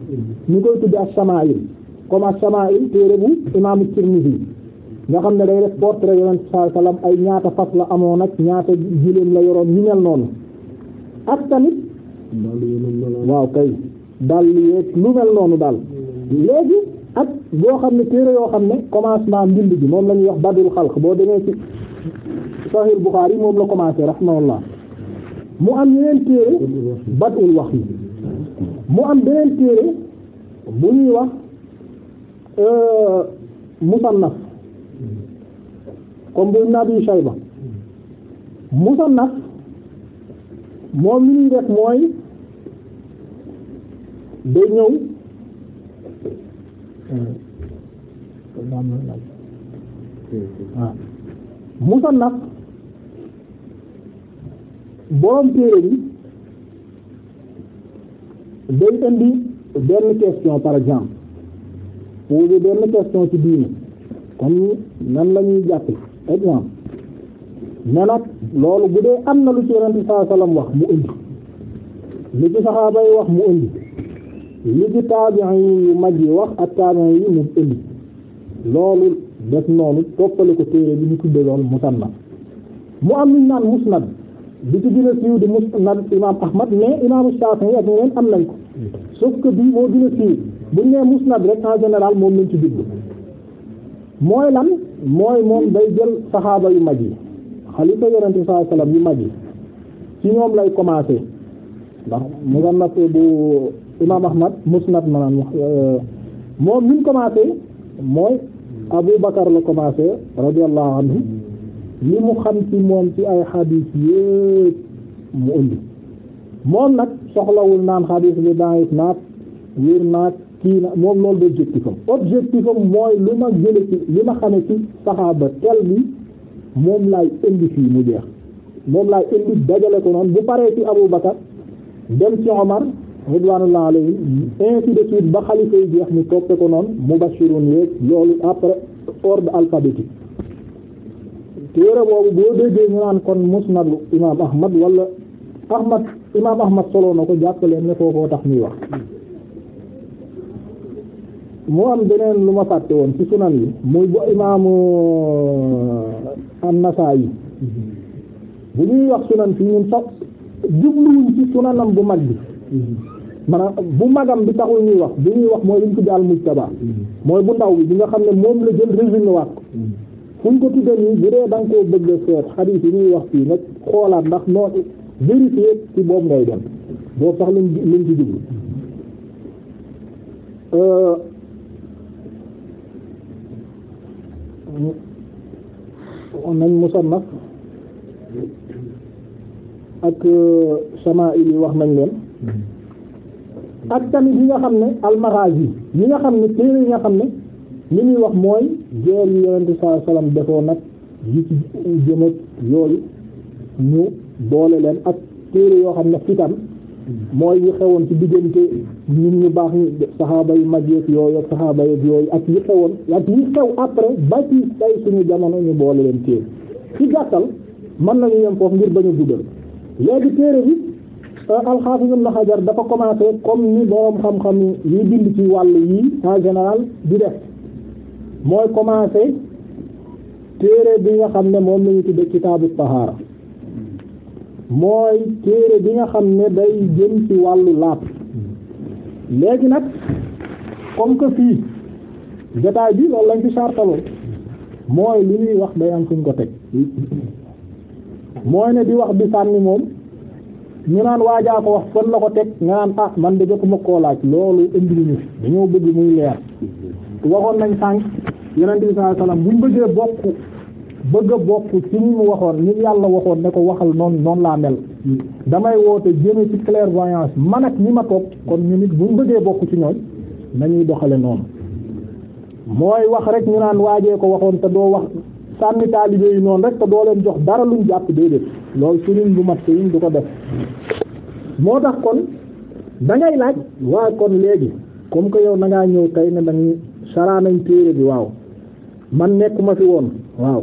ñu koy tudde ak shamail comme as-Shama'il téere bu imaamu Tirmidhi nga xam ne day def portrait yonent bi sallallahu ay ñaata fas la amoon ak ñaata jiléem la yoroon ñu mel noonu ak tamit waaw kay dal yeeg lu mel noonu daal léegi ak boo xam ne téere yoo xam ne commencement mbind bi moom la ñuy wax badul xalq boo demee ci Sahih Bukhari moom la commencé rahimahullah mu am yeneen téere Bad'ul Wahyi mu am beneen téere bu ñuy wax euh, Musannaf comme bu Ibn Abi Shayba Musannaf moom li ñuy def mooy da ñëw euh, Musannaf borom téere bi day indi benn question par exemple poser benn question ci diine kon nan la ñuy jàppe exemple ne nag loolu bu dee am na lu ci yonent saa salaam wax mu indi li ci saxaaba wax mu indi li ci taabiin yi yu mag yi wax ak taabiin yi mu indi loolu def noonu toppale ko téere bi ñu tudde loolu musannad mu am lu ñu musnad bi ci gën a siiw di musnad imaam Ahmad mais imaamu Shaafi'i ak ñeneen am nañ ko sauf que bii moo gën a siiw bu nee musnad rek en général moom lañ ci jublu mooy lan mooy moom day jël saxaaba yu mag yi xalifa yonente yu mag yi ci ñoom lay commencer ndax musnad bu imaam Ahmad musnad maanaam euh, moom ni mu commencer mooy Abu Bakar la commencer radiyallahu anhu li mu xam ci moom ci ay xadiis yépp mu indi moom nag soxlawul naan xadiis bi daif naat wér naat kii na moom loolu objectif am objectif am mooy lu ma jële ci li ma xame ci saxaaba tel bi moom laay indi fii mu jeex moom laay indi dajale ko noonu bu paree ci Abu Bakar dem ci Omar ridwanullah alayhi ainsi de suite ba xalifa yi jeex ñu toppe ko noonu mubashirun yeeg loolu après ordre alphabétique téere boobu boo déggee ñu naan kon musnad imaam ahmad wala ahmad imaam ahmad solo na ko jàppaleen ne foofoo tax muy wax moo am beneen lu ma fàtte woon ci sunan yi muy bu imaamu an yi bu ñuy wax sunan fii ñun sax jubluwuñ ci sunanam bu mag bi maanaam bu magam bi taxul ñuy wax bu ñuy wax mooy liñ ko daal mujtaba mooy bu ndaw bi bi nga xam ne moom la jël résumé waat ko fuñ ko tudda nii bu dee da nga koo bëgg seet xadiis yi ñuy wax fii nag xoolaat ndax noo vérifier ci boobu ngay dem boobu sax luñ luñ ci jublu euh, nañ musannaf ak euh, sama yi wax nañ leen hmm. ak tamit yi nga xam ne al-Maghazi yi nga xam ne téere yi nga xam ne li muy wax mooy géer yi yonente saa defoo nag yi ci yooyu ñu boole leen ak téere yoo xam ne fitan mooy yi xewoon ci diggante ñun ñu baax ñu saxaaba yu mag yeeg yooyu ak saxaaba yeeg yooyu ak yi xewoon ak yi xew après ba ci tay suñu jamono ñu boole leen téere ci gàttal mën nañu ñoom foofu ngir bañu guddal léegi téere bi euh, al-Hafiz Ibn Hajar dafa commencé comme ni borom xam-xam yi bind ci wàll yi en général di def mooy commencé téere bi nga xam ne moom lañu tudde kitaabu tahaara mooy téere bi nga xam ne day jëm ci wàllu laab léegi nag comme que fii jotaay bi loolu lañ ci sartaloo mooy li ñuy wax day am fuñ ko teg mooy ne di wax bi sànni moom ñu naan waajaa ko wax fan la ko teg nga naan ah man de jotuma koo laaj loolu indi ñu dañoo bëgg muy leer waxoon nañ sànq yonent bi sallallahu bu wasallam bëggee bokk bëgg a bokk ci ñi mu waxoon ñi yàlla waxoon ne ko waxal noon noonu laa mel damay woote jëme ci clairvoyance man ak ñi ma toog kon ñu nit buñ bëggee bokk ci ñooñ nañuy doxale noonu mooy wax rek ñu naan waajee ko waxoon te doo wax sànni taalibe yi noonu rek te doo leen jox dara luñ jàpp déedéet loolu sëriñ bu mat sëriñ du ko def moo tax kon dangay laaj waaye kon léegi comme que yow na ñëw tey na dañuy sara nañ bi waaw man nekkuma fi woon waaw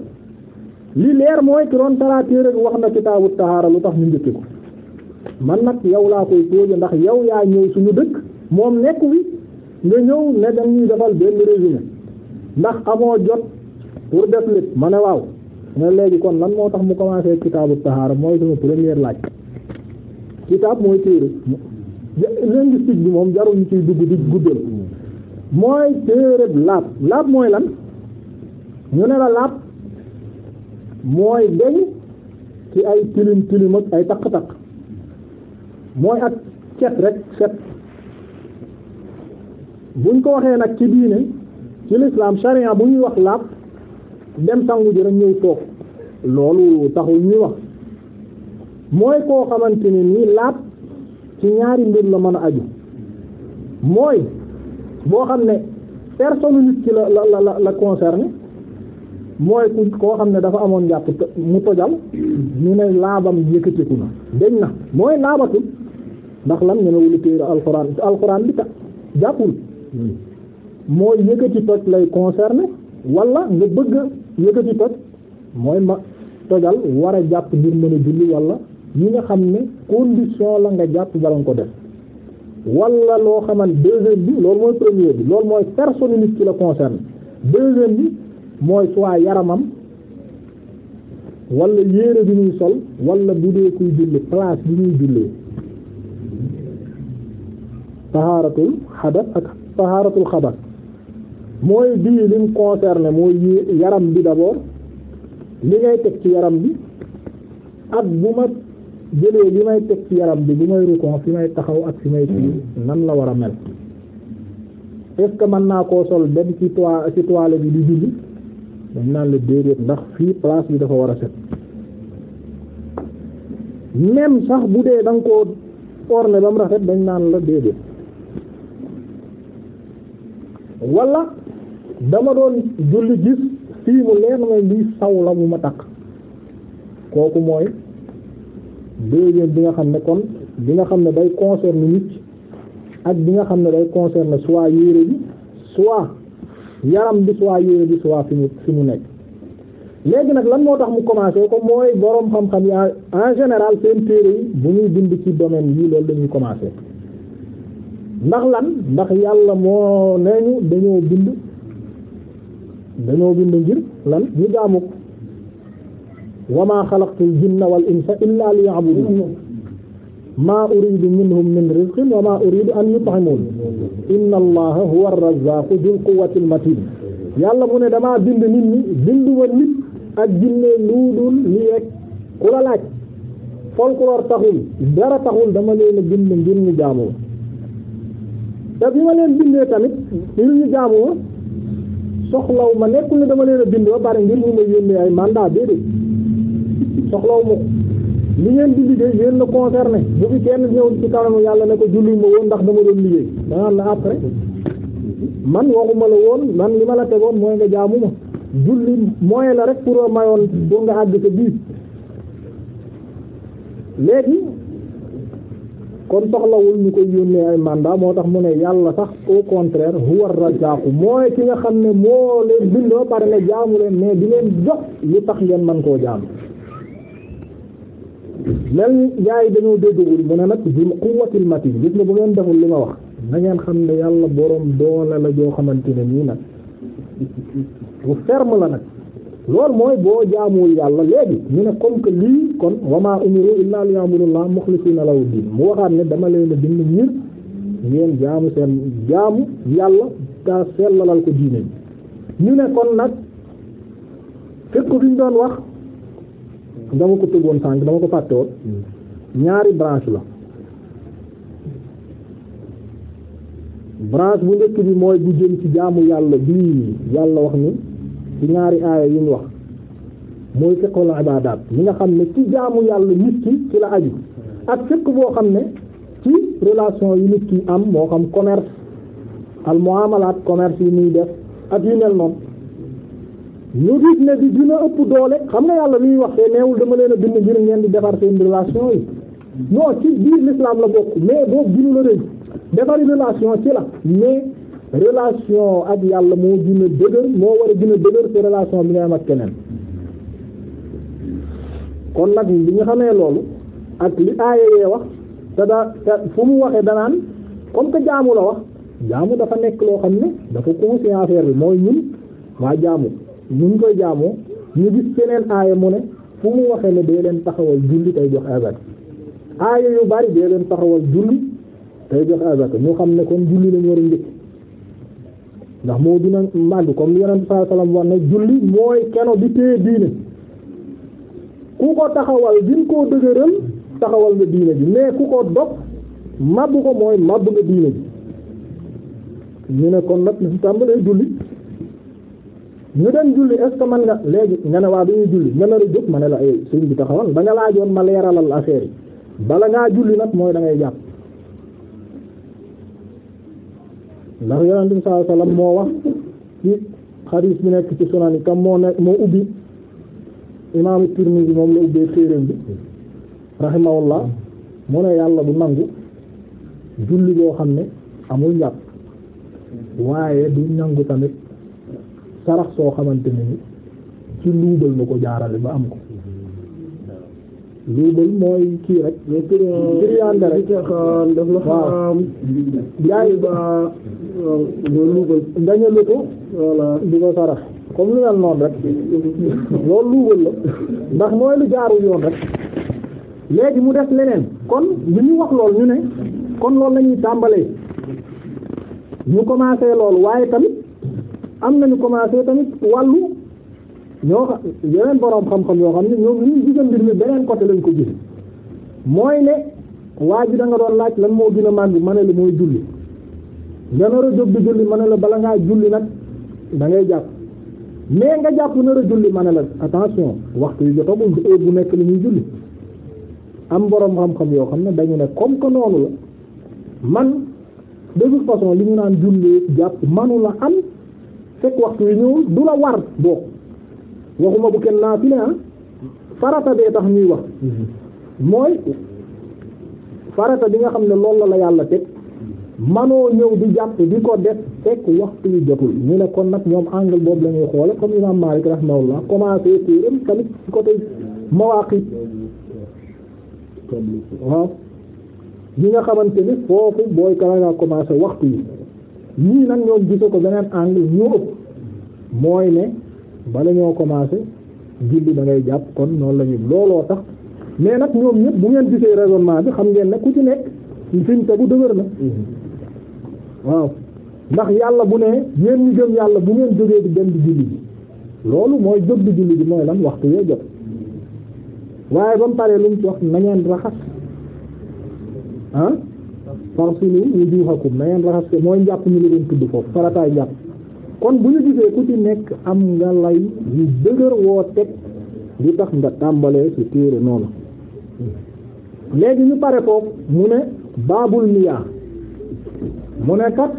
li leer mooy ki doon talaatee wax na kitaabu tahaara lu tax ñu njëkk ko man nag yow laa koy tóoja ndax yow yaa ñëw suñu dëkk moom nekku wi nga ñëw ne dañ defal benn résumé ndax amoo jot pour def lépp ma ne waaw ne léegi kon lan moo tax mu commencé kitaabu tahaara mooy suñu première laaj kitaab mooy téere linguistique bi moom jarul ñu ciy dugg di guddal mooy téere laab laab mooy lan ñu ne la laab mooy deñ ci ay tilim tilim ak ay takk-takk mooy ak set rek set buñ ko waxee nag ci diine ci l'islam sharia bu ñuy wax laab dem sangu ji rek ñëw toog loolu taxul ñuy wax mooy koo xamante ne nii laab ci ñaari mbir la mën a aju mooy boo xam ne personne nit ki la la la la concerné mooy ku koo xam ne dafa amoon njàpp mu tojal ñu ne laabam yëkkateeku na deñ na mooy laabatul ndax lan ñu ne wulu téere alxuraan alxuraan bi ta jàppul mooy yëkkati toj lay concerné walla nga bëgg yëkkati toj mooy ma tojal war a jàpp ngir mën a julli wala yi nga xam ne condition la nga jàpp balan ko def wala loo xaman deuxième bi loolu mooy premier bi loolu mooy personnalité la concerné deuxième bi mooy soit yaramam wala yére bi ñuy sol wala bu dee kuy julli place bi ñuy jullee tahaaratul xadas ak tahaaratul xabas mooy bii lim concerné mooy yaram bi d'abord li ngay teg ci yaram bi ak bu ma jëlee li may teg ci yaram bi bu may rukon fi may taxaw ak fi may kii nan la war a mel est-ce mën naa koo sol dem ci toile ci toile bi di julli dañ naan la déedéet ndax fii place bi dafa war a set même sax bu dee da nga koo orné ba rafet dañ naan la déedéet wala dama doon julli gis fii mu leer na lii saw la bu ma takk kooku mooy déedéet bi nga xam ne kon bi nga xam ne day concerner nit ak bi nga xam ne day concerner soit yére bi soit yaram bi soit yooyu bi soit fi mu fi mu nekk léegi nag lan moo tax mu commencé ko mooy boroom xam-xam yaa en général seen téere yi bu ñuy bind ci domaine yi loolu la ñuy commencé ndax lan ndax yàlla moo nee ñu dañoo bind dañoo bind ngir lan ñu jaamu ko wa maa xalaqtul jinna wal insa illaa liya'budun maa uridu minhum min rizqin wa maa uridu an yut'imun inna allaha huwa ar-razzaqu dhul matin yàlla mu ne damaa bind nit ñi binduma nit ak jinne lu dul li yegg ku la laaj folklore taxul dara taxul dama leen a bind ngir ñu jaamu te bi ma leen bindee tamit ngir ñu jaamu ma soxlaw ma nekkul ne dama leen a bind ba pare ngir ñu ma yónnee ay mandat déedéet soxlaw ma li ngeen di liggéey yéen la concerné bu fi kenn ñëw ci kanamu yàlla ne ko julli ma woon ndax dama doon liggéey danaan la après man waxuma la woon man li ma la tegoon mooy nga jaamu ma julli mooy la rek pour mayoon pour nga àgg sa biir léegi kon soxlawul ñu koy yónnee ay mandat moo tax mu ne yàlla sax au contraire huwa razzaqu mooy ki nga xam ne moo leen bindoo pare ne jaamu leen mais di leen jox yu tax ngeen man koo jaamu lan gaa dañoo déggowul mu ne nag zul quwwatil matin gis nga bu ngeen deful li ma wax na ngeen xam ne yàlla boroom doole la joo xamante ne nii nag bu ferme la nag loolu mooy boo jaamuwul yàlla léegi ñu ne comme que lii kon wama umiru illa liya'budullaha mukhlisina lahu din mu waxaat ne dama leen a bind ngir ngeen jaamu seen jaamu yàlla ta sellalal ko diine ñu ne kon nag fekk fi doon wax dama ko tëggoon sànq dama ko fàtte woon hmm. ñaari branche la branche bu njëkk bi mooy bu jëm ci jaamu yàlla bii yàlla wax ni ci ñaari aaya yi ñu wax mooy fiqhul ibaadaat mi nga xam ne ci jaamu yàlla nit ki ci la aju ak fiqh boo xam ne ci relation yi nit ki am moo xam commerce al muamalaat commerce yi muy def ak yu mel noonu ñu gis ne di dina ëpp doole xam nga yàlla luy wax te neewul dama leen a bind ngir ngeen di defar seen relation yi non ci biir l'islam la bokk mais boobu ginu la rëy defar relation ci la mais relation ak yàlla moo gën a dëgër moo war a gën dëgër ci relation bi nga am ak keneen kon nag bi ñu xamee loolu ak li aaya yee wax te da te fu mu waxee danaan comme que jaamu la wax jaamu dafa nekk loo xam ne dafa conscient affaire bi mooy ñun waa jaamu ñu ngi koy jaamoo ñu gis feneen aaya mu ne fu mu waxee ne dee leen taxawal julli tay jox azak aaya yu bari dee leen taxawal julli tay jox azak ñu xam ne kon julli lañ war a njëkk ndax moo dina màgg comme yonent sallallahu alayhi wasallam wax ne julli mooy keno bi téye diine ku ko taxawal gin koo dëgëral taxawal nga diine bi mais ku ko dog màbb ko mooy màbb nga diine ji ñu ne kon nag li ci tàmbalee julli ñu dem julli est man nga léegi nga ne waa dañuy julli nga nar a ma ne la eh, sëñ bi taxawal da nga laajoon ma leeralal affaire yi bala ngaa julli nag mooy dangay ngay jàpp ndax yonente bi sallallahu alayhi moo wax ci xadiis bi nekk ci sunan yi kam moo ne moo ubbi imaamu Tirmidhi moom la ubbee téereem bi rahimahullah mu ne yàlla du nangu julli boo xam ne amul njàpp waaye du nangu tamit sarax soo xamante ni ci luubal na ko jaarale ba am ko luubal mooy kii rek giryaande rek waaw njaay ba luubal ko voilà di ko sarax comme lu ndax mooy lu jaarul yoon rek léegi mu def leneen kon bu ñu wax lool ñu ne kon loolu lañuy tàmbalee ñu commencé lool waaye tamit am na nañu commencé tamit wàllu ñoo xam yeneen boroom xam-xam yoo xam ne ñoom ñuy digal mbir mi beneen côté lañ ko gis mooy ne waa ji da doon laaj lan moo gën a màgg ma ne la mooy julli nga nar a jóg julli ma ne la bala ngaa julli nag da ngay jàpp mais nga jàpp nar a julli ma ne la attention waxtu yu jotagul heure bu nekk li muy julli am boroom xam-xam yoo xam ne dañu ne comme que noonu la man de toute façon li ñu naan julli jàpp manu la am fekk waxtu wi ñëwul du la war bokk waxuma bu kenn naafile ah farata bee tax ñuy wax mooy farata bi nga xam ne loolu la yàlla teg manoo ñëw di jàpp di ko def fekk waxtu wi jotul ñu ne kon nag ñoom angle boobu la ñuy xoole comme imam Malik rahimahullah commencé téeram tamit ci côté mawaqit waaw ñi nga xamante ni foofu booy kara nga commencé waxtu yi ñii nag ñoo gise ko beneen angle ñoo ëpp mooy ne bala ñoo commencé julli da ngay jàpp kon noonu la ñu looloo tax mais nag ñoom ñëpp bu ngeen gisee raisonnement bi xam ngeen ne ku ci nekk fi mu tegu dëgër na waaw ndax yàlla bu ne yéen ñu gëm yàlla bu ngeen jógee di dem di julli ji loolu mooy jóg di julli ji mooy lan waxtu yee jot waaye ba mu paree lu mu wax na ngeen raxas ah farsilu wujuhakum na ngeen raxas mooy njàpp ñu ngi leen tudd foofu farataay njàpp kon bu ñu gisee ku ci nekk am nga lay yu dëgër woo teg li tax nga tàmbalee ci téere noonu léegi ñu pare foofu mu ne baabul miyaa mu ne kat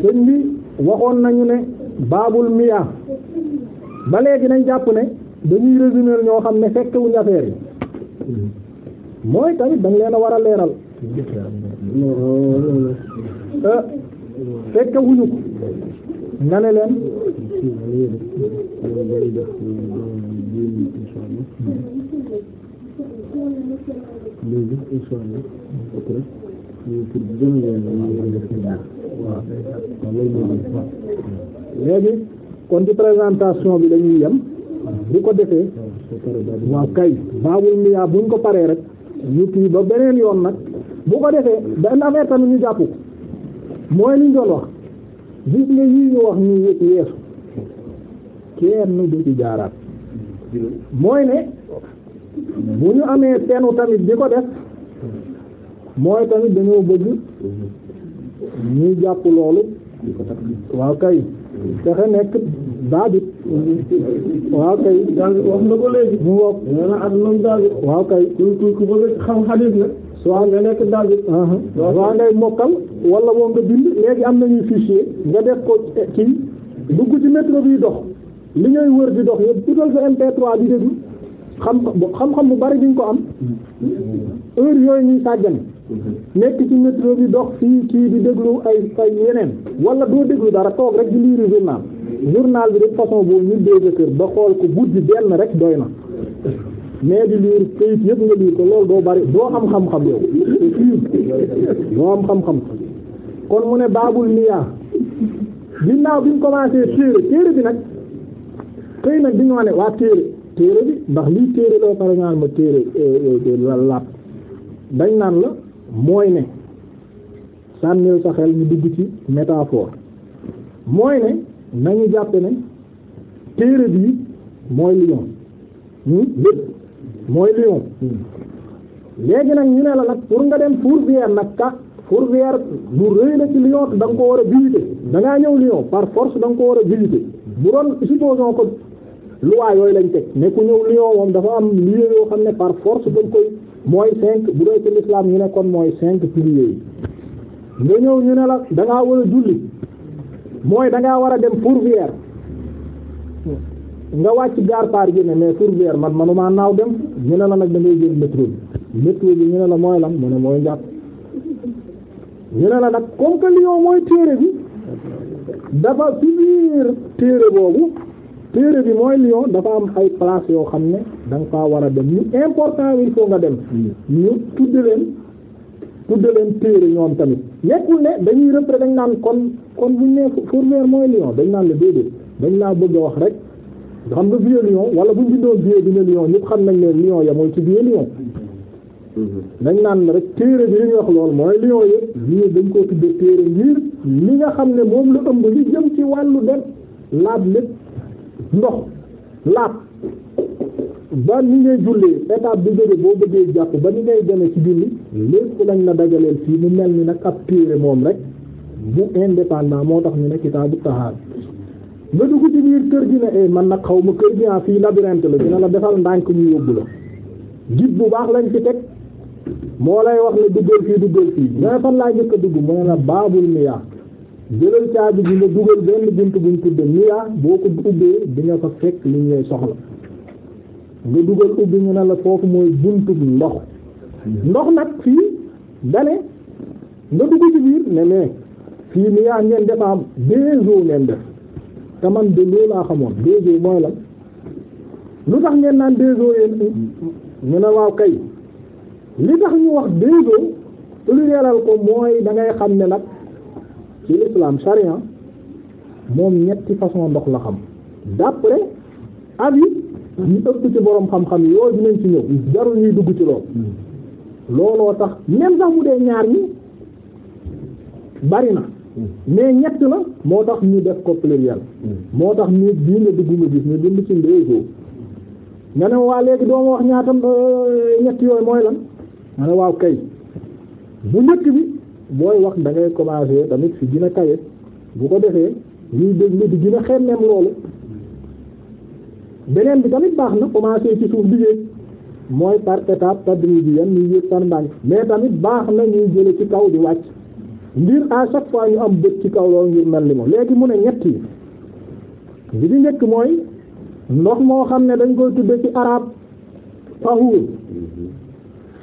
sëñ bi waxoon nañu ne baabul miyaa ba léegi nañ jàpp ne dañuy résumer ñoo xam ne fekkewuñ affaire yi mooy tamit dañ leen a war a leeral fekke wuñu ko nga ne leen léegi kon di présentation bi lañuy yem bu ko defee waaw kay baabul miyaa buñ ko paree rek ñu kii ba beneen yoon nag bu ko defee benn affaire tamit ñu jàpp mooy liñ doon wax gis nga yii ñu wax ñu kenn du ci jaaraat mooy ne bu ñu amee tenu tamit di ko def mooy tamit dañoo bëgg ñu jàpp loolu waaw kay fexe nekk daabit waaw kay wax na ko léegi mu waaw kay ku waaw na nekk daal di. waaw uh-huh. ngay mokkal wala moom nga bind léegi am nañuy fichier nga def ko kii dugg ci métro biy dox li ngay wër di dox yëpp dugal sa MP3 di déglu xam xam-xam bu bari di nga ko am heure yooyu ñuy sàggan nekk ci métro bi dox fii kii di déglu ay ay yeneen wala doo déglu dara toog rek di lire journal journal bi de façon boo ñu dégg kër ba xool ko guddi benn rek doy na. mais di liir kayit yëpp nga liir ko loolu doo bari boo xam xam-xam yow am xam-xam kon mu ne baabul niyaa ginnaaw bi mu commencé téere téere bi nag xëy nag di ñu ne waa téere téere bi ndax lii téere loo pare nga la euh, euh, laab naan la mooy ne sànnil sa xel ñu dugg ci métaphore mooy ne nañu jàppe ne téere bii mooy lion hmm? lépp mooy lion léegi nag ñu ne la nag pour nga dem fourvière nag ka fourvière lu rëy la ci lion da danga ko war a visiter da ñëw lion par force da nga ko war a visiter bu doon supposons ko loi yooyu lañ teg ne ku ñëw lion moom dafa am lieu yoo xam ne par force dañ koy mooy cinq bu dee ci l'islam ñu ne kon mooy cinq piliers yi nga ñëw ñu ne la danga ngaa war a julli mooy da ngaa war a dem fourvière nga wàcc gaar par gi ne mais pour weer man manuma naaw dem ñu ne la nag da ngay jël métro bi métro bi ñu ne la mooy lan mu mooy njàpp ñu ne la nag comme que Lyon mooy téere bi dafa ci biir téere boobu téere bi mooy Lyon dafa am ay place yoo xam ne danga nga war a dem ñu important il nga dem mm. ñu tudde leen tudde leen téere ñoom tamit nekkul ne dañuy repré dañ naan kon kon buñ ne Fourvière mooy Lyon dañ naan la déedéet dañ laa bëgg a wax rek xam nga vieux lion wala bu ñu bindoo vieux dina lion ñëpp xam nañ ne lion ya mooy ci vieux lion dañ naan rek téere bi ñu wax lool mooy lion yëpp lii dañ koo tudde téere ngir li nga xam ne moom la ëmb li jëm ci wàllu de laab lépp ndox laab ba ni ngay jullee étape bi jóge boo bëggee jàpp ba ni ngay demee ci julli lépp lañ la dajaleel fii mu mel ni nag ab téere moom rek bu indépendant moo tax ñu ne kitaabu tahaara nga dugg kër gi ne eh man nag xaw kër gi ah fii labyrinthe la dina ñu yóbbu la guide bu baax lañ ci teg lay wax ne duggal fii duggal fii nga ne fan laa njëkk a dugg mu ne la baabul dugal benn ko ubbee di nga fa la foofu mooy buntu ndox ndox nag fii dane nga dugg ci biir ne fii miyaa ngeen defa am ngeen def te man de loolu laa xamoon deux eaux mooy lan lu tax ngeen naan deux eaux yéen ñu ne waaw kay li tax ñu wax deux eaux plurielal ko mooy da ngay xam ne nag ci l'islam charia moom ñetti façon ndox la xam d'après avis ñu ëpp ci borom xam-xam yooyu dinañ ci ñëw jarul ñuy dugg ci lool hmm. looloo tax même sax mu dee ñaar ñi bari na. mais ñett la moo tax ñu def ko yàlla moo tax ñu bii nga dugg nga gis ñu dund ci réseau nga ne doo ma wax ñaatam euh, ñett yooyu mooy lan ne waaw kay bu njëkk bi booy wax da ngay commencer tamit fi gin a kawe bu ko defee ñuy déglu di gën a xemmeem loolu beneen bi tamit baax na commencer ci suuf digée mooy par étape tadrijiyan ñuy yëg par ndànk mais tamit baax na ñuy jële ci kaw di wàcc ngir à chaque fois ñu am bët ci kaw loolu ngir mel ni moom léegi mu ne ñett yi bi di njëkk mooy ndox moo xam ne dañ koy tudde ci arab tahur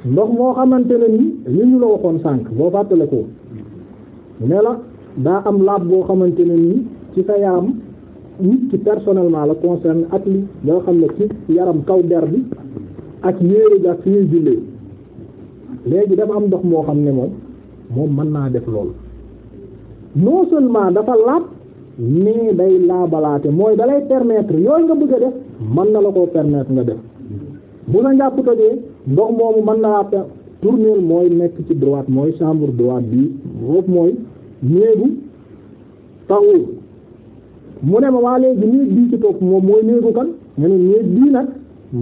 ndox moo xamante ne ni li ñu la waxoon sànq boo fàttale ko ne la daa am laab boo xamante ne ni ci sa yaram nit ki personnellement la concerne ak li nga xam ne ci yaram kaw der bi ak yéere bi ak fi ñuy jullee léegi dafa am ndox moo xam ne moom moom mën naa def lool non seulement dafa laab mais day laabalaate mooy dalay permettre yooyu nga bëgg a def mën na la ko permetre nga def bu sa njàpp tojee ndox moomu man na laa per tourneel mooy nekk ci droite mooy chambre droite bi foofu mooy néegu tawul mu ne ma waa léegi néeg bii ci topp moom mooy néegu kan nga ne néeg bii nag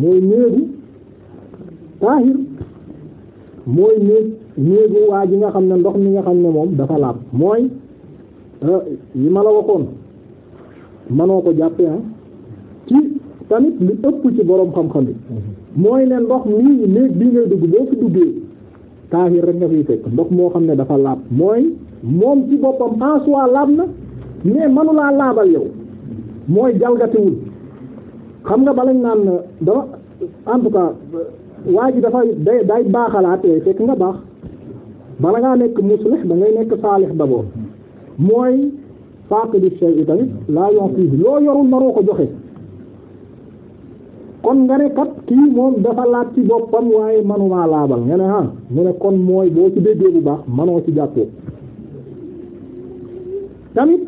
mooy néegu taahir mooy néeg néegu waa ji nga xam ne ndox mi nga xam ne moom dafa laab mooy yi euh, ma la waxoon manoo ko jàppee ah ci tamit li ëpp ci boroom xam-xam bi mooy ne ndox mii néeg bii ngay dugg boo fi duggee taahir rek nga fiy fekk ndox moo xam ne dafa laab mooy moom ci boppam en soi laab na mais laa laabal yow mooy jalgatiwul xam nga ba balañ naan euh, dafa en tout cas euh, waa ji dafa day day baaxalaat fekk nga baax bala ngaa nekk muslih da ngay nekk saalih d'abord mooy faaqidi shay'i tamit laa yu'tihi loo yorul naroo ko joxe kon nga ne kat kii moom dafa laaj ci boppam waaye manuma laabal nga ne ah mu ne kon mooy boo ci déggee bu baax manoo ci jàppoo tamit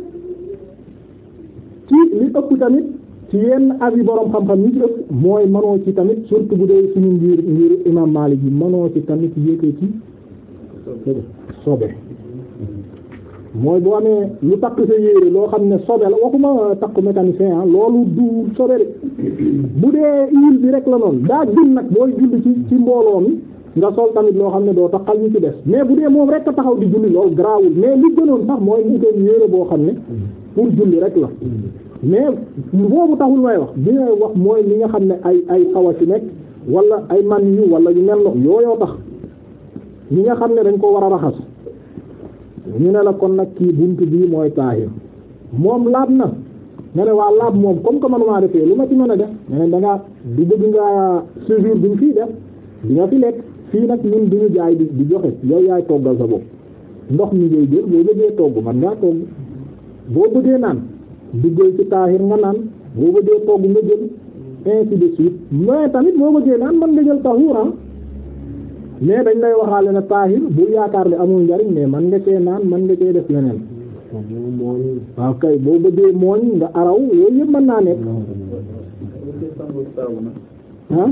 ci li ëpp tamit ci yenn avis borom xam-xam ñi ci ëpp mooy manoo ci tamit surtout bu dee suñu ngir ngir imam Maalik yi manoo ci tamit yékkee sobe mooy boo amee lu takk sa yére loo xam ne sobe la waxuma takk mécanicien ah loolu du sobe de bu dee huile bi rek la noonu daa jul nag booy julli ci ci mbooloo mi nga sol tamit loo xam ne doo taxal ñu ci des mais bu dee moom rek a taxaw di julli loolu garaawul mais li gënoon sax mooy mu utal yére boo xam ne pour julli rek la mais boobu taxul may wax bi ngay wax mooy li nga xam ne ay ay xawa ci nekk wala ay man yu wala yu mel noonu yooyoo tax ñi nga xam ne dañ ko war a raxas ñu ne la kon nag kii bunt bii mooy taahir moom laab na nga ne waa laab moom comme que waa defee lu ma ci mën a def nga ne dangaa du bëgg ngaa bi ñu fii def di nga fi lekk fii nag ñun du ñu jaay di di joxe yow yaay toggal sa bopp ndox mi ngay jël boo bëggee togg man ngaa togg boo bëggee naan duggal ci taahir nga naan boo bëggee togg nga jël ainsi de suite mais tamit boo bëggee naan man nga jël tahuran ah. mais dañ lay waxaale na taahir bu yaakaar ne amul njariñ mais man nga cee naan man nga cee def leneen waaw kay boo bëggee mooñ nga araw yooyu yëpp mën naa nekk ah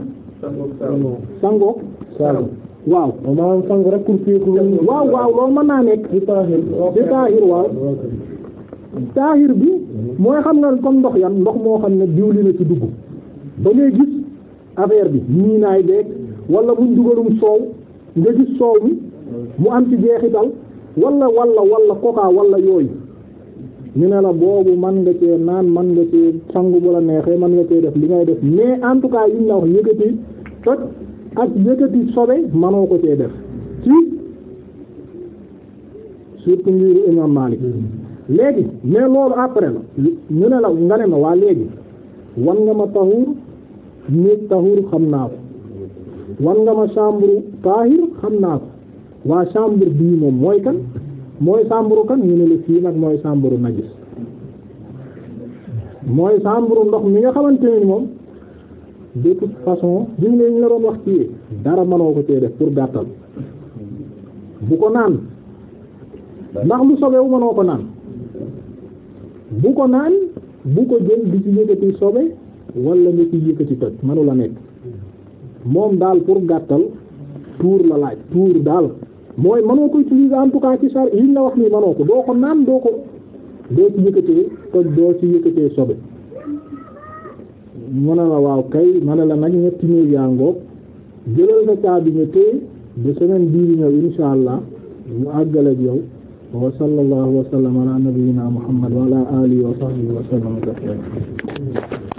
sangook saabu waaw maanaam taahir waaw taahir bi mooy xam nga comme ndox yan ndox moo xam ne diwli na ci dugg ba ngay gis affaire bi nii naay beeg wala buñ dugalum soow nga gis soow mi mu am ci jeexital wala walla wala coca walla yooyu ñu ne la boobu man nga cee naan man nga cee sangu bu la neexee man nga cee def li ngay def mais en tout cas yi ñu la wax yëkkati toj ak yëkkati sobe manoo ko cee def ci surtout ngiru imam Malik léegi mais loolu après la ñu ne la nga ne ma waa léegi wan nga ma tahur néeg tahur xam naa ko wan nga ma chambre tahir xam naa ko waa chambre bii moom mooy kan mooy chambre kan ñu ne la fii nag mooy chambre najis mooy chambre ndox mi nga xamante moom de toute façon duñ ne doon wax ci dara mënoo ko cee def pour gàttal bu ko naan ndax lu sobewu mënoo ko naan bu ko naan bu ko jël di ci yëkkati sobe wala nga ci yëkkati toj mënu la nekk moom daal pour gàttal tuur la laaj tuur daal mooy mënoo ko utiliser en ci char yi la wax nii mënoo ko doo ko naan doo ko doo ci yëkkatee sobe mu ne la waaw kay ma ne la nag ñetti ñuy yangoog jëlal sa caabi ñu téye de semaine bii di ñëw insha allah ñu àggale ak yow wa sallallahu wa sallam ala nabiyyina muhammad wa ala alihi wa sahbihi wa sallam